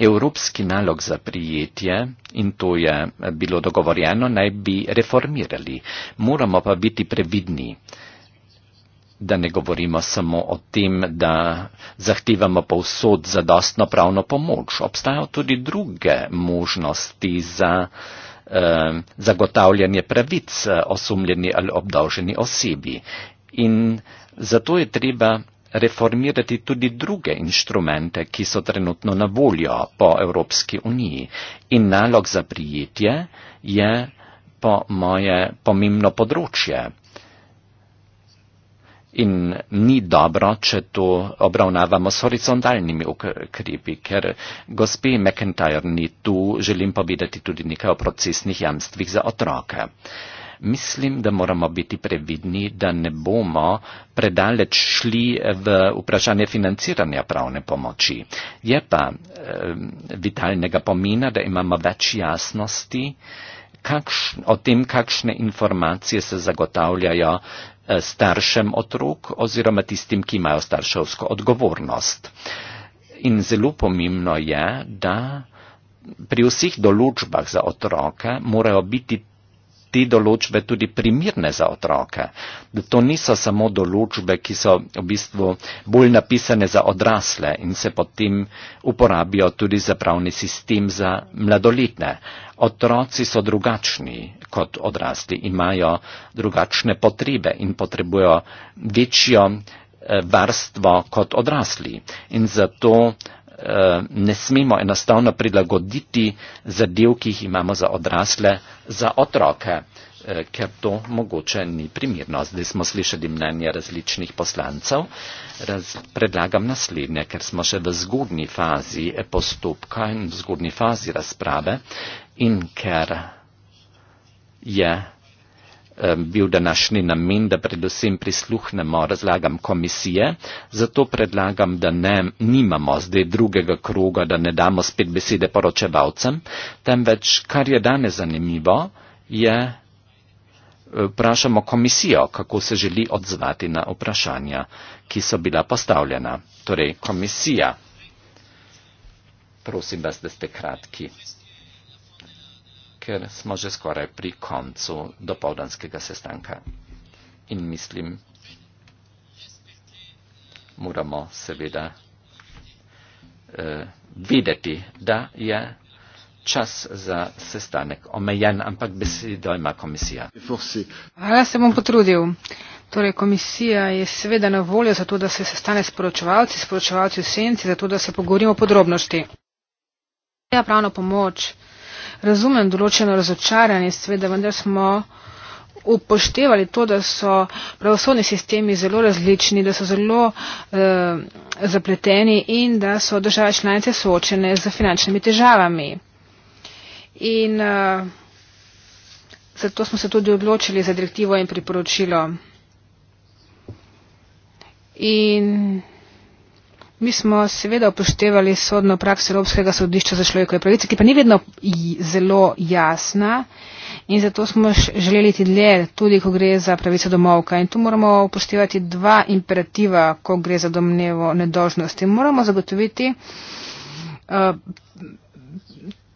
A: evropski nalog za prijetje in to je bilo dogovorjeno, naj bi reformirali. Moramo pa biti previdni, da ne govorimo samo o tem, da zahtevamo povsod zadostno pravno pomoč. Obstajajo tudi druge možnosti za eh, zagotavljanje pravic eh, osumljeni ali obdolženi osebi. In zato je treba reformirati tudi druge inštrumente, ki so trenutno na voljo po Evropski uniji. In nalog za prijetje je po moje pomembno področje. In ni dobro, če to obravnavamo s horizontalnimi ukrepi, ker gospe McIntyre ni tu, želim povedati tudi nekaj o procesnih jamstvih za otroke mislim, da moramo biti previdni, da ne bomo predaleč šli v vprašanje financiranja pravne pomoči. Je pa eh, vitalnega pomena, da imamo več jasnosti kakš, o tem, kakšne informacije se zagotavljajo eh, staršem otrok oziroma tistim, ki imajo starševsko odgovornost. In zelo pomembno je, da pri vseh določbah za otroke morajo biti te določbe tudi primirne za otroke. Da to niso samo določbe, ki so v bistvu bolj napisane za odrasle in se potem uporabijo tudi za pravni sistem za mladoletne. Otroci so drugačni kot odrasli, imajo drugačne potrebe in potrebujo večjo eh, varstvo kot odrasli. In zato Eh, ne smemo enostavno prilagoditi zadev, ki jih imamo za odrasle, za otroke, eh, ker to mogoče ni primirno. Zdaj smo slišali mnenje različnih poslancev. Raz, predlagam naslednje, ker smo še v zgodni fazi postopka in v zgodni fazi razprave in ker je bil današnji namen, da predvsem prisluhnemo razlagam komisije, zato predlagam, da ne, nimamo zdaj drugega kroga, da ne damo spet besede poročevalcem, temveč kar je danes zanimivo, je e, vprašamo komisijo, kako se želi odzvati na vprašanja, ki so bila postavljena. Torej, komisija, prosim vas, da ste kratki ker smo že skoraj pri koncu dopoldanskega sestanka. In mislim, moramo seveda eh, videti, da je čas za sestanek omejen, ampak besedo ima komisija.
C: Hvala, se bom potrudil. Torej, komisija je seveda na voljo za to, da se sestane s poročevalci, s poročevalci v senci, za to, da se pogovorimo o podrobnosti. Ja, pravno pomoč razumem določeno razočaranje, seveda vendar smo upoštevali to, da so pravosodni sistemi zelo različni, da so zelo eh, zapleteni in da so države članice soočene z finančnimi težavami. In eh, zato smo se tudi odločili za direktivo in priporočilo. In Mi smo seveda upoštevali sodno prakso Evropskega sodišča za človekove pravice, ki pa ni vedno zelo jasna in zato smo želeli ti dlje, tudi ko gre za pravice domovka. In tu moramo upoštevati dva imperativa, ko gre za domnevo nedožnosti. Moramo zagotoviti uh,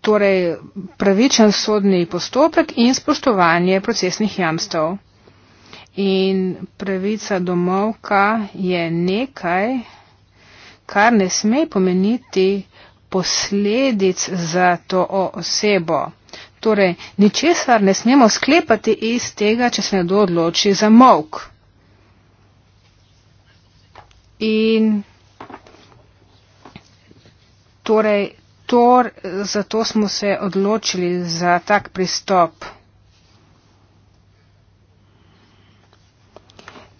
C: torej pravičen sodni postopek in spoštovanje procesnih jamstev. In pravica domovka je nekaj, kar ne sme pomeniti posledic za to osebo. Torej, ničesar ne smemo sklepati iz tega, če se nekdo odloči za mok. In torej, tor, zato smo se odločili za tak pristop.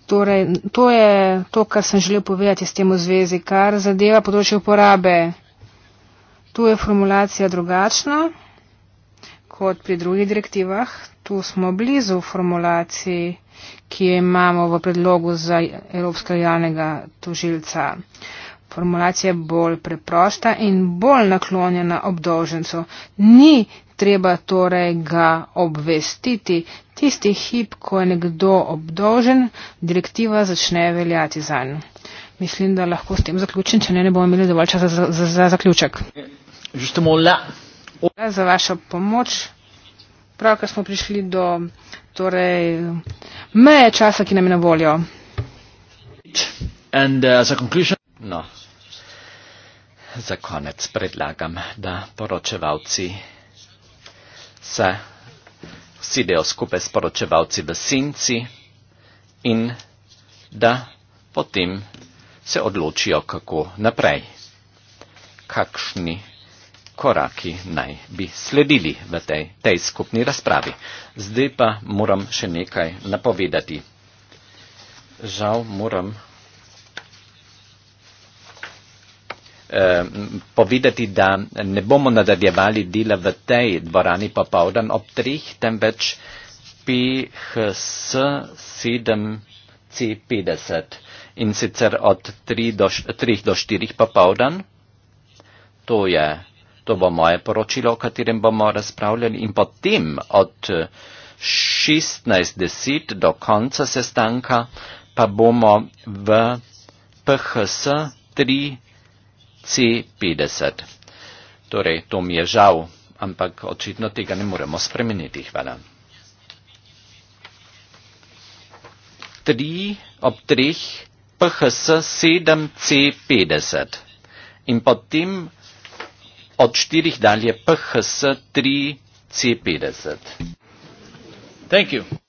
C: Torej, to je to, kar sem želel povedati s tem v zvezi, kar zadeva področje uporabe. Tu je formulacija drugačna kot pri drugih direktivah. Tu smo blizu formulaciji, ki jo imamo v predlogu za Evropskega javnega tožilca. Formulacija je bolj preprosta in bolj naklonjena obdolžencu. Ni treba torej ga obvestiti, Tisti hip, ko je nekdo obdolžen, direktiva začne veljati za njo. Mislim, da lahko s tem zaključim, če ne, ne bomo imeli dovolj časa za, za, za zaključek. Hvala za vašo pomoč. Pravkar smo prišli do torej, meje časa, ki nam je na voljo.
A: Uh, no. Za konec predlagam, da poročevalci se sedijo skupaj s poročevalci v senci in da potem se odločijo, kako naprej, kakšni koraki naj bi sledili v tej, tej skupni razpravi. Zdaj pa moram še nekaj napovedati. Žal moram Eh, povedati, da ne bomo nadaljevali dela v tej dvorani popovdan ob trih, temveč PHS 7C50 in sicer od 3 do 4 popovdan. To je, to bo moje poročilo, o katerem bomo razpravljali in potem od 16.10 do konca sestanka pa bomo v PHS 3 C50. Torej, to mi je žal, ampak očitno tega ne moremo spremeniti. Hvala. Tri ob treh PHS 7C50 in potem od štirih dalje PHS 3C50.
D: Thank you.